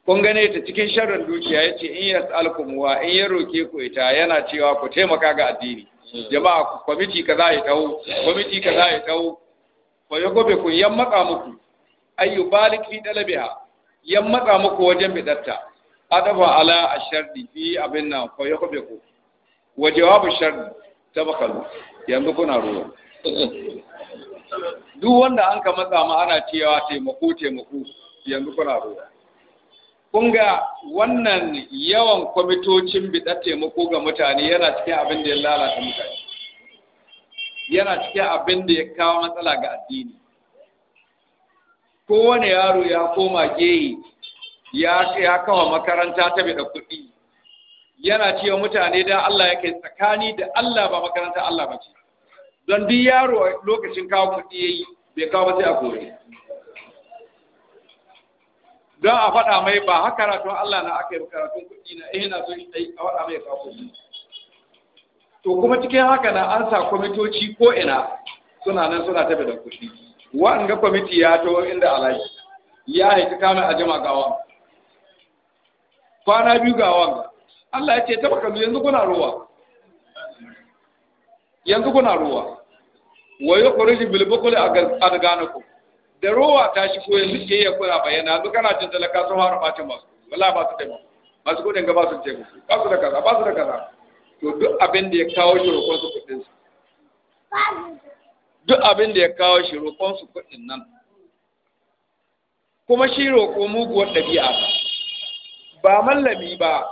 A: kun gane ta cikin sharrin dukiya ya ce in yas'alkum wa in ya roke ku ita yana cewa ku taimaka ga addini mm. jama'a kwamiti kaza ya taho kwamiti kaza ya taho wa gobe kun yan matsa muku ayyu balik fi dalabiha yan matsa muku wajen bidatta adafa ala ashardi fi abin nan fa gobe ku wa jawabu shardi tabakalu yanzu kuna ruwa [LAUGHS] duk wanda an ka matsa ma ana cewa taimako taimako yanzu kuna ruwa kun ga wannan yawan kwamitocin biɗa taimako ga mutane yana cikin abin da ya lalata mutane yana cikin abin da ya kawo matsala ga addini kowane yaro ya koma geyi ya ya kawo makaranta ta da kuɗi yana cewa mutane da Allah yake tsakani da Allah ba makaranta Allah ba ce don duk yaro lokacin kawo kuɗi yayi bai kawo sai a kore don a faɗa mai ba haka karatun Allah na aka yi karatun kuɗi na eh, ina na so shi a faɗa mai kawo kuɗi to kuma cikin haka na an sa kwamitoci ko ina suna nan suna tafi da kuɗi ga kwamiti ya to inda alaji ya haifi kamin a jama gawa kwana biyu gawa Allah ya ce taba kalu yanzu kuna ruwa yanzu kuna ruwa wa yukhrij bil bukhli ku da ruwa ta shi ko yanzu ke yi kula bayana yanzu kana jin talaka sun har fatima wallahi ba su taimako masu kudin ga ba su taimako ba su da kaza ba su da kaza to duk abin da ya kawo shi roƙon su kuɗin su duk abin da ya kawo shi roƙon su kuɗin nan kuma shi roƙo muguwar ɗabi'a ba mallami ba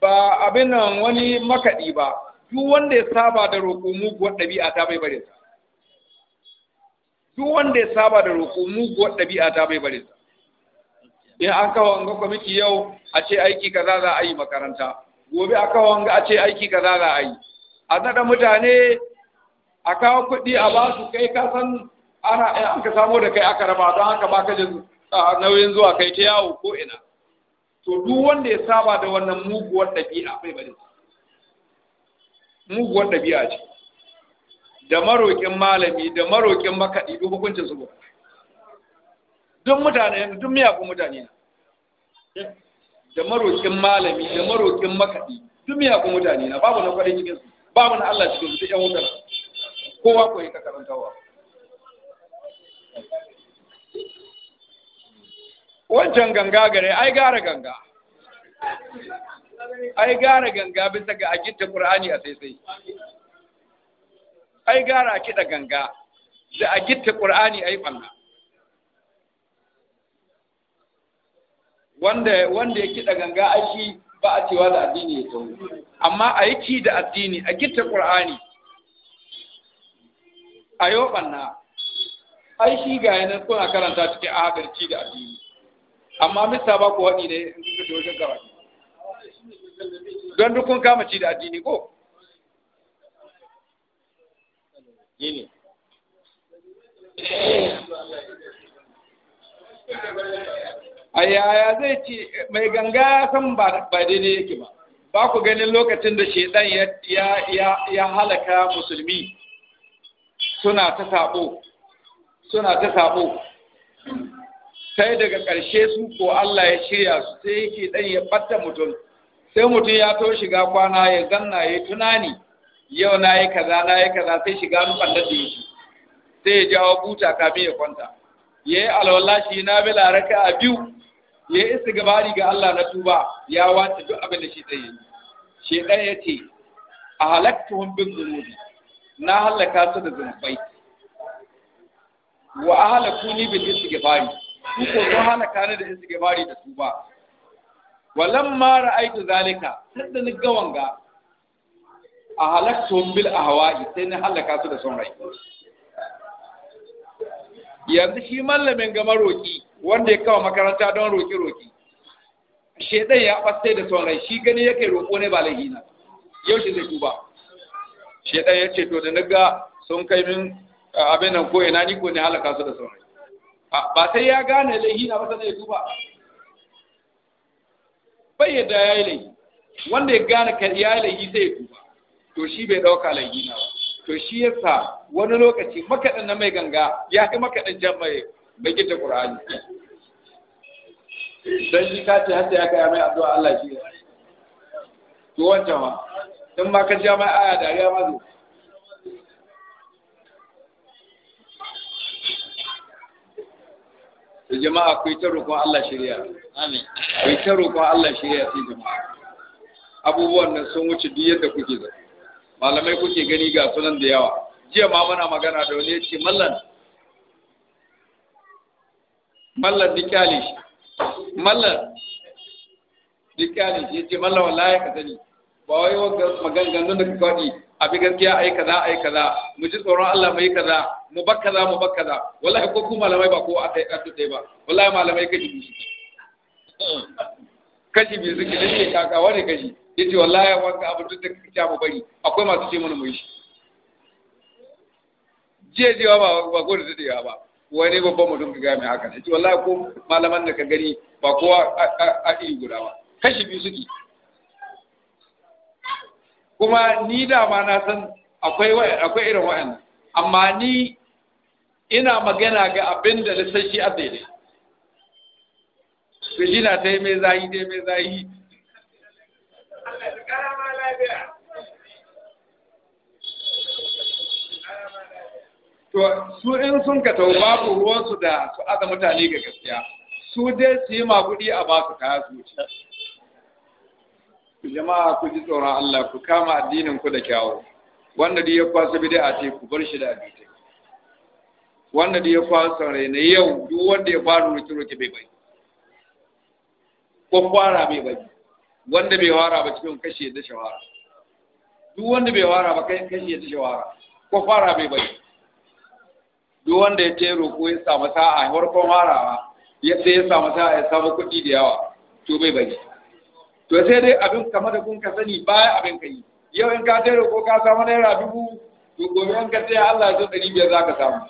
A: ba abin nan wani makaɗi ba duk wanda ya saba da roƙo muguwar ɗabi'a ta bai bare ta duk wanda ya saba da roƙo muguwar ɗabi'a ta bai bare sa in an kawo an ga kwamiti yau a ce aiki kaza za a yi makaranta gobe a kawo wanga a ce aiki ka za a yi a naɗa mutane a kawo kuɗi a ba su kai ka san ana an ka samo da kai aka raba don haka ba ka jin nauyin zuwa kai ta yawo ko ina to duk wanda ya saba da wannan muguwar ɗabi'a bai bari muguwar ɗabi'a ce da maroƙin malami da maroƙin makaɗi duk hukuncin su duk mutane duk miyakun mutane ne da marokin malami da marokin makaɗi duk miyakun mutane na babu na kwarai cikin babu na Allah cikin su duk ƴan wutar kowa ko ka karantawa wancan ganga gare ai gara ganga ai gara ganga bisa ga akitta qur'ani a sai-sai. ai gara a kiɗa ganga da a gitta qur'ani ai banna wanda wanda ya kiɗa ganga aiki ba a cewa da addini ya tawo amma a yi ci da addini a kitta qur'ani a yau banna ai shi ga yana kuna karanta cikin ci da addini amma mista ba ku waɗi ne in kuka ce gaba don duk kun kama ci da addini ko yini
B: Thank eh. you.
A: a yaya zai ce mai ganga ya san ba daidai yake ba ba ku ganin lokacin da shaidan ya halaka musulmi suna ta sabo suna ta sabo sai daga ƙarshe su ko Allah ya shirya su sai yake dan ya batta mutum sai mutum ya to shiga kwana ya zanna ya tunani yau na yi kaza na yi kaza sai shiga nufan da yake, sai ya jawo buta kafin ya kwanta yayi yi alwala shi na bi laraka a biyu ya yi gabari ga Allah na tuba ya wace duk abin da shi zai yi shedan ya ce a halaktuhum bin zunubi na halaka su da zunubai wa a ahlakuni bil istighfari su ko sun halaka ni da gabari da tuba mara aiki zalika da ni ga wanga a halaktuhum bil ahwa'i sai ni halaka su da son rai yanzu shi mallamin ga maroki wanda ya kawo makaranta don roƙi-roƙi shedan ya ɓasai da saurayi, shi gani yake roƙo ne ba laihi na yau shi zai tuba shedan ya ce to da na ga sun kai min abin nan ko ina ni ko ne halaka su da saurayi. ba sai ya gane laihi na ba sai ya tuba bai yadda ya yi laihi wanda ya gane ka ya yi laihi sai ya tuba to shi bai ɗauka laihi na ba to shi yasa wani lokaci makaɗan na mai ganga ya fi makaɗan jan mai bai ta Qur'ani dan shi ka ce hatta ya kai mai addu'a Allah shi to wanta ma dan ma ka ji mai aya dariya ma zo da jama'a ku yi ta roƙon Allah shirya
B: amin ku yi ta roƙon Allah shirya sai jama'a
A: abubuwan nan sun wuce duk yadda kuke zato malamai kuke gani ga sunan da yawa jiya ma muna magana da wani ya ce mallan mallan duk kyale shi mallan duk kyale shi yace mallan wallahi ka sani ba wai wanga maganganun da ka A bi gaskiya ai kaza ai kaza mu ji tsoron Allah mai kaza mu bar kaza mu bar kaza wallahi ko ku malamai ba ko a kai kaddu dai ba wallahi malamai kashi biyu suke kashi biyu suke da ke kaka wani kashi yace wallahi wanka abu duk da kika mu bari akwai masu ce mana mu yi shi jiya ba ba ko da ba wani babban mutum ka gami haka sai wallahi ko malaman da ka gani ba kowa a iri guda ba kashi biyu suke kuma ni da ma na san akwai akwai irin wa'annan amma ni ina magana ga abin da lissashi a daidai to shi na ta mai zahi dai mai zahi to su in sun ka babu ruwansu da su aza mutane ga gaskiya su dai su yi magudi a ba su kaya su jama'a ku ji tsoron Allah ku kama addinin ku da kyawu wanda da ya kwaso bid'a ce ku bar shi da abita wanda da ya kwaso raina yau duk wanda ya fara rubuce roke bai bai ko fara bai bai wanda bai wara ba cikin kashe da shawara duk wanda bai wara ba kai kashe da shawara ko fara bai bai duk wanda ya tero roƙo ya samu sa'a farkon harawa ya sai ya samu sa'a ya samu kuɗi da yawa to bai bari to sai dai abin kamar da kun ka sani baya abin ka yi yau in ka tero roƙo ka samu naira dubu to gobe in ka tayi Allah ya zo ɗari biyar za ka samu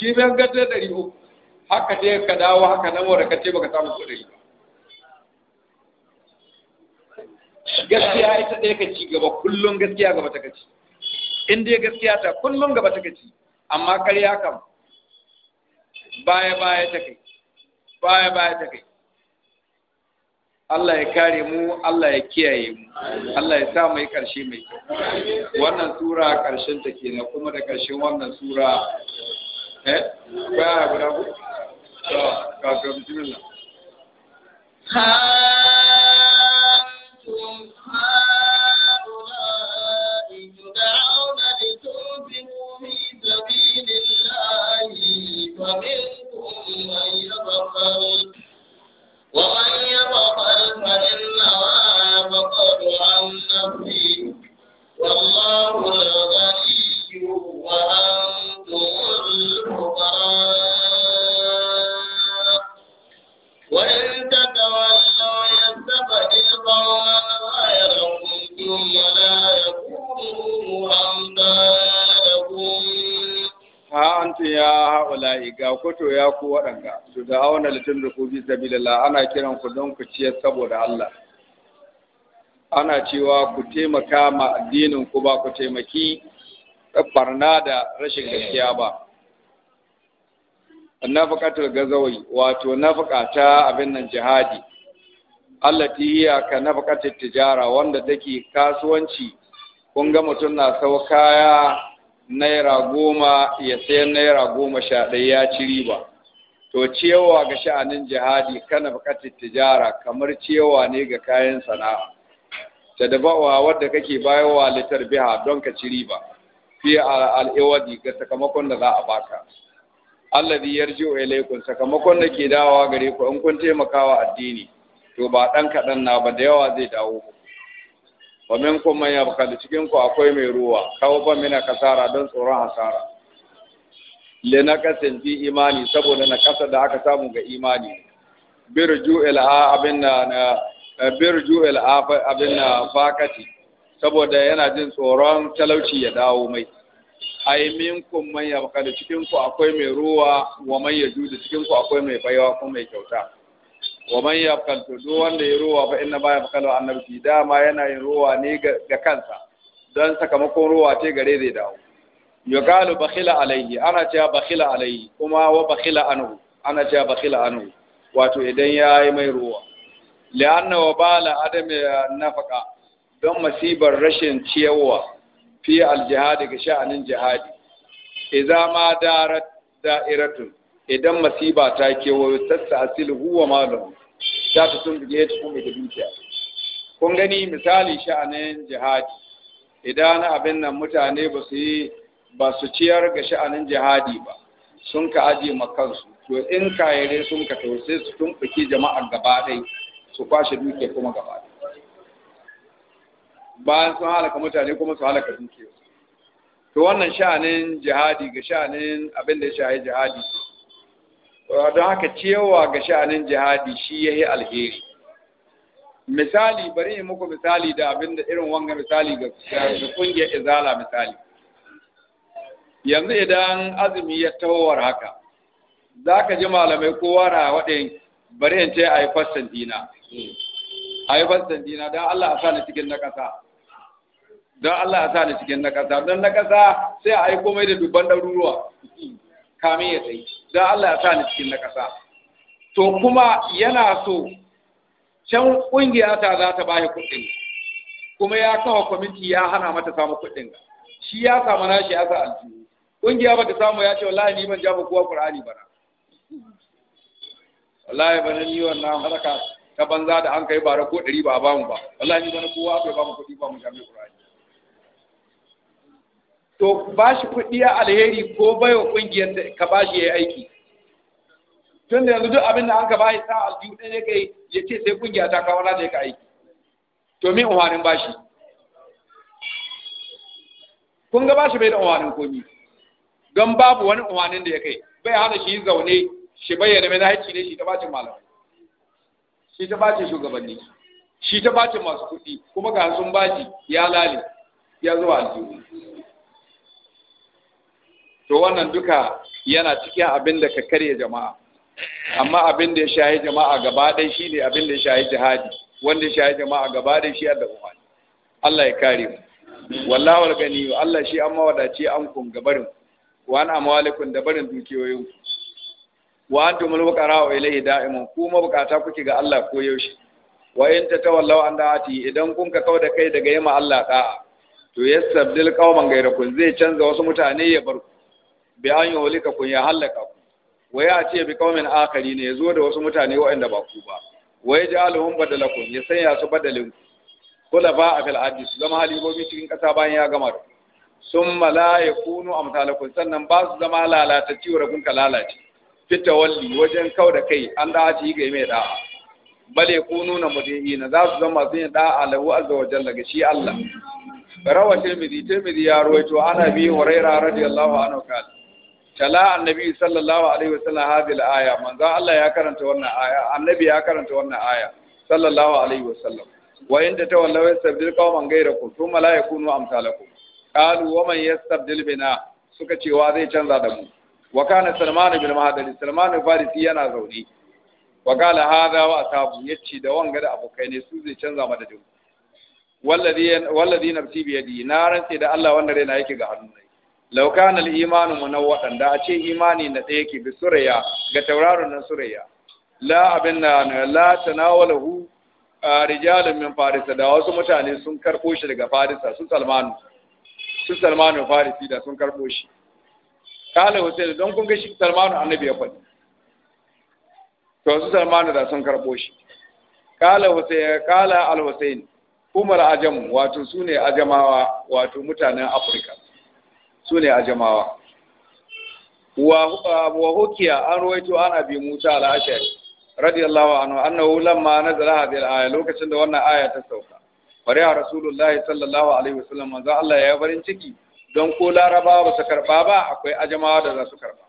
A: shi bai ka tayi ɗari uku haka ce ka dawo haka nan wanda ka ce baka samu kuɗi ba
B: gaskiya ita ɗaya
A: ka ci gaba kullum gaskiya gaba ta kaci in dai gaskiya ta kullum gaba ta kaci amma karya kam baya baya ta kai baya baya ta kai Allah ya kare mu Allah ya kiyaye mu Allah ya sa mai karshe mai wannan sura karshen ta kenan kuma da karshen wannan sura eh ba ba
B: ku ka ga bismillah يبخل ومن يبخل فإنما يبخل عن نفسه والله الغني وأنت
A: ha an ce ya haula'i ga kwato ya ku waɗanga su da auna litin da kubi sabilillah ana kiran ku don ku ciyar saboda Allah ana cewa ku taimaka ma addinin ku ba ku taimaki barna da rashin gaskiya ba nafaqatul gazawai wato na ta abin nan jihadi yi hiya ka nafaqatul tijara wanda take kasuwanci kun ga mutum na sau kaya naira goma ya sayan naira goma sha ɗaya ya ci riba to ciyawa ga sha'anin jihadi kana bukatar tijara kamar cewa ne ga kayan sana'a ta dabawa wadda kake bayarwa litar biha don ka ci riba fi al'iwadi ga sakamakon da za a baka yarji wa ilaikun sakamakon da ke dawowa gare ku in kun taimakawa addini to ba ɗan kaɗan na ba da yawa zai dawo ku wa minkum man yabkhal cikin ku akwai mai ruwa kawo tawba mina kasara don tsoron hasara le na kasin fi imani saboda na kasa da aka samu ga imani birju ilha abin na birju ilha abin na fakati saboda yana jin tsoron talauci ya dawo mai ai minkum man yabkhal cikin ku akwai mai ruwa wa man yajudu cikin ku akwai mai baiwa ko mai kyauta wa man yabkal to duk wanda ya ruwa fa inna ma yabkalu an nafsi dama yana yin ruwa ne ga kansa don sakamakon ruwa ce gare zai dawo yuqalu bakhila alayhi ana cewa bakhila alayhi kuma wa bakhila anhu ana cewa bakhila anhu wato idan ya yi mai ruwa li'anna wa bala adam nafaka don masibar rashin ciyarwa fi aljihadi ga sha'anin jihadi idza ma darat da'iratu idan masiba ta kewayo tasta asilu huwa malum za ta tuntuge ta kuma da dukiya kun gani misali sha'anin jihadi idan abin nan mutane ba su yi ba su ciyar ga sha'anin jihadi ba sun ka aje makansu to in kayare sun ka to sai su tumbuke jama'ar gaba ɗai su kwashe dukiya kuma gaba bayan sun halaka mutane kuma su halaka dukiya to wannan sha'anin jihadi ga sha'anin abin da ya shahi jihadi don haka cewa ga sha'anin jihadi shi ya yi alheri misali bari yi muku misali da abin da irin wanga misali ga kungiyar izala misali yanzu idan azumi ya tawar haka za ka ji malamai kowa na waɗin bari in ce a yi fassan dina a yi fassan dina don allah a sa ni cikin na ƙasa don allah a sa ni cikin na ƙasa don na ƙasa sai a yi komai da dubban ɗaruruwa kamin ya tsaye don Allah ya sa ni cikin na ƙasa to kuma yana so can ƙungiya ta za ta bashi kuɗin kuma ya kawo kwamiti ya hana mata samu kuɗin shi ya samu nashi ya sa aljihu ƙungiya ba ta samu ya ce wallahi ni ban jaba kuwa ƙur'ani ba wallahi ba ni wannan haraka ta banza da an kai bara ko ɗari ba a bamu ba wallahi ni ba na kowa bai bamu kuɗi ba mu jami'a ƙur'ani to ba shi kuɗi a alheri ko baiwa ƙungiyar da ka ba shi ya yi aiki tun da yanzu duk abin da an ka ba shi sa aljihu ɗaya ne kai ya ce sai ƙungiya ta kawo na da ya ka aiki to min umarnin ba shi kun ga ba shi bai da umarnin komi don babu wani umarnin da ya kai bai hana shi zaune shi bayyana mai haici ne shi ta bacin malamai shi ta bacin shugabanni shi ta bacin masu kuɗi kuma ga sun baci ya lale ya zuwa aljihu to wannan duka yana cikin abin da ka karya jama'a amma abin da ya shahi jama'a gaba ɗaya shi ne abin da ya shahi jihadi wanda ya shahi jama'a gaba ɗaya shi yadda umarni Allah ya kare mu wallahu gani Allah shi an mawadaci an kun gabarin wa an amwalikum da barin dukiyoyin ku wa antum alfuqara ilayhi da'iman ku mabukata kuke ga Allah ko yaushe wa in ta tatawallaw an da'ati idan kun ka kauda kai daga yamma Allah da'a to yasabdil qauman gairakum zai canza wasu mutane ya barku bi an yuhlika kun ya halaka ku waya a ce bi kaumin akari ne yazo da wasu mutane waɗanda ba ku ba wa yaj'aluhum badalakum ya sanya su badalin ku Kula ba a fil su zama halibobi cikin ƙasa bayan ya gama da summa kunu a amsalakum sannan ba su zama lalata wa kun ka lalace fita walli wajen kau da kai an da ci ga mai da'a bale kunu na mudiina za su zama sun yi da'a lahu azza wa jalla ga shi Allah rawa tirmidhi tirmidhi ya ruwaito ana bi hurairah radiyallahu anhu kala tala annabi sallallahu alaihi wasallam hadhihi aya manzo Allah ya karanta wannan aya annabi ya karanta wannan aya sallallahu alaihi wasallam wa inda tawallaw yastabdil qauman ghayrakum thumma la yakunu amsalakum qalu wa man yastabdil bina suka ce wa zai canza da mu wa kana salman bin mahadali salman farisi yana zaune wa qala hadha wa asabu yace da wanga da abokai ne su zai canza madadin wallazi wallazi nafsi bi yadi na rantsi da Allah wanda raina yake ga hannunai lauka na imanu a ce imani na ɗaya ke bi suraya ga tauraron nan suraya la abin na la tanawalahu rijalun min farisa da wasu mutane sun karɓo shi daga farisa sun salmanu sun salmanu da sun karɓo shi kala husaini don kun ga shi salmanu annabi ya faɗi to su salmanu da sun karɓo shi kala husaini kala al husaini umar ajam wato sune ajamawa wato mutanen afirka su ne a jamawa wa hukiya an ruwaito an abi musa al-ashari radiyallahu anhu annahu lamma nazala hadhihi al-aya lokacin da wannan aya ta sauka bari a rasulullahi sallallahu alaihi wasallam manzo Allah ya barin ciki don ko larabawa ba su karba ba akwai ajamawa da za su karba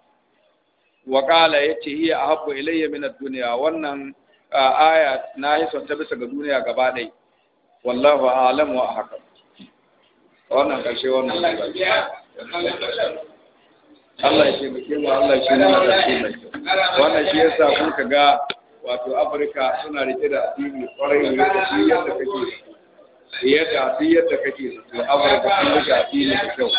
A: wa qala yace hiya ahabbu ilayya min ad-dunya wannan aya na yi son ta bisa ga duniya gaba ɗaya wallahu a'lamu wa ahkam
B: wannan karshe wannan Allah ya taimake mu Allah shi ne mai wannan shi yasa kun ka
A: ga wato Afirka suna rike da addini kwarai da shi yadda
B: kake yadda yadda
A: kake to Afirka sun rike addini da kyau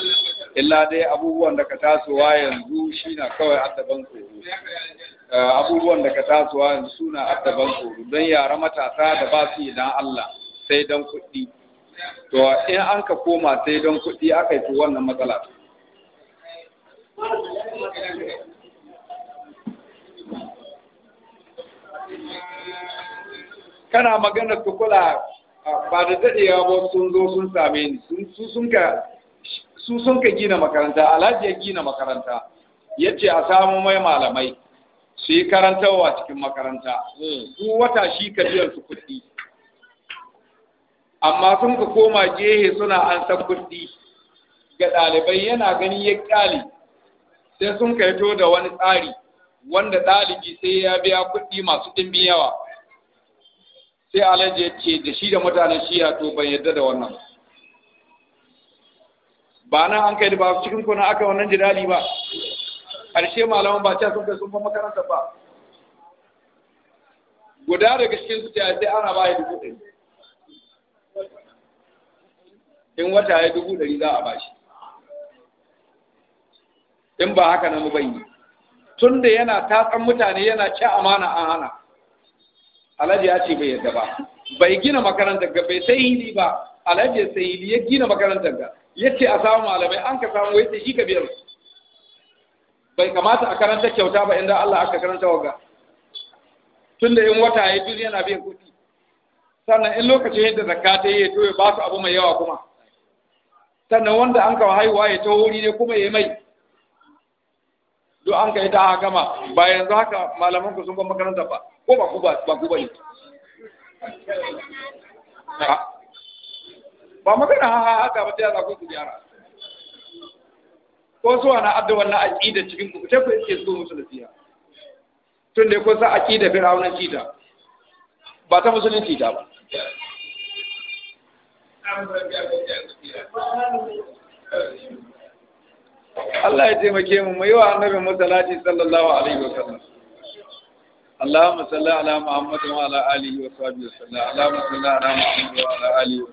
A: illa dai abubuwan da ka tasowa yanzu shi na kawai addaban tsoro eh, abubuwan da ka tasowa yanzu suna addaban tsoro don yara matasa da ba su yi dan Allah sai dan kuɗi to in an ka koma sai don kuɗi aka yi wannan matsala kana magana tukula ba da daɗewa ba sun zo sun same ni su sun ka gina makaranta alhaji ya gina makaranta ya ce a samu mai malamai su yi karantarwa cikin makaranta hmm. ku wata shi ka biyan su kuɗi amma sun ka koma gehe suna an san kuɗi ga ɗalibai yana gani ya ƙyale sai sun kaito da wani tsari wanda ɗalibi sai ya biya kuɗi masu ɗimbin yawa sai alhaji ya ce da shi da mutanen shiya to ban yadda da wannan ba nan an kai da ba cikin kuna aka wannan jidali ba ƙarshe malaman ba sun kai sun fa makaranta ba guda daga cikin su sai ana ba ya dubu ɗari in wata ya dubu ɗari za a bashi in ba haka nan ba yi tun da yana tatsan mutane yana ci amana an hana alhaji ya ce bai yadda ba bai gina makarantar ga bai sai hili ba alhaji ya sai hili ya gina makarantar ga ya ce a samu malamai an ka samu ya ce shi ka biyar bai kamata a karanta kyauta ba inda Allah aka karanta waga tun da in wata ya yana biyan kuɗi sannan in lokacin yadda zakka ta yi to ya ba su abu mai yawa kuma sannan wanda an kawo haihuwa ya ta wuri ne kuma ya mai duk an kai ta ma ba yanzu haka malaman ku sun ban makaranta ba ko ba ku ba ba ku bane ba magana ha haka ba ta yaza ku gyara ko zuwa na adda na aqida cikin ku ta ku yake zo musu lafiya? tun da ko sa aqida fir'auna cita ba ta musulunci ta ba Allah ya taimake mu mu yi annabi masalati sallallahu alaihi wa sallam
B: Allahumma salli ala Muhammad wa ala alihi wa sahbihi wa sallam Allahumma salli ala Muhammad wa ala alihi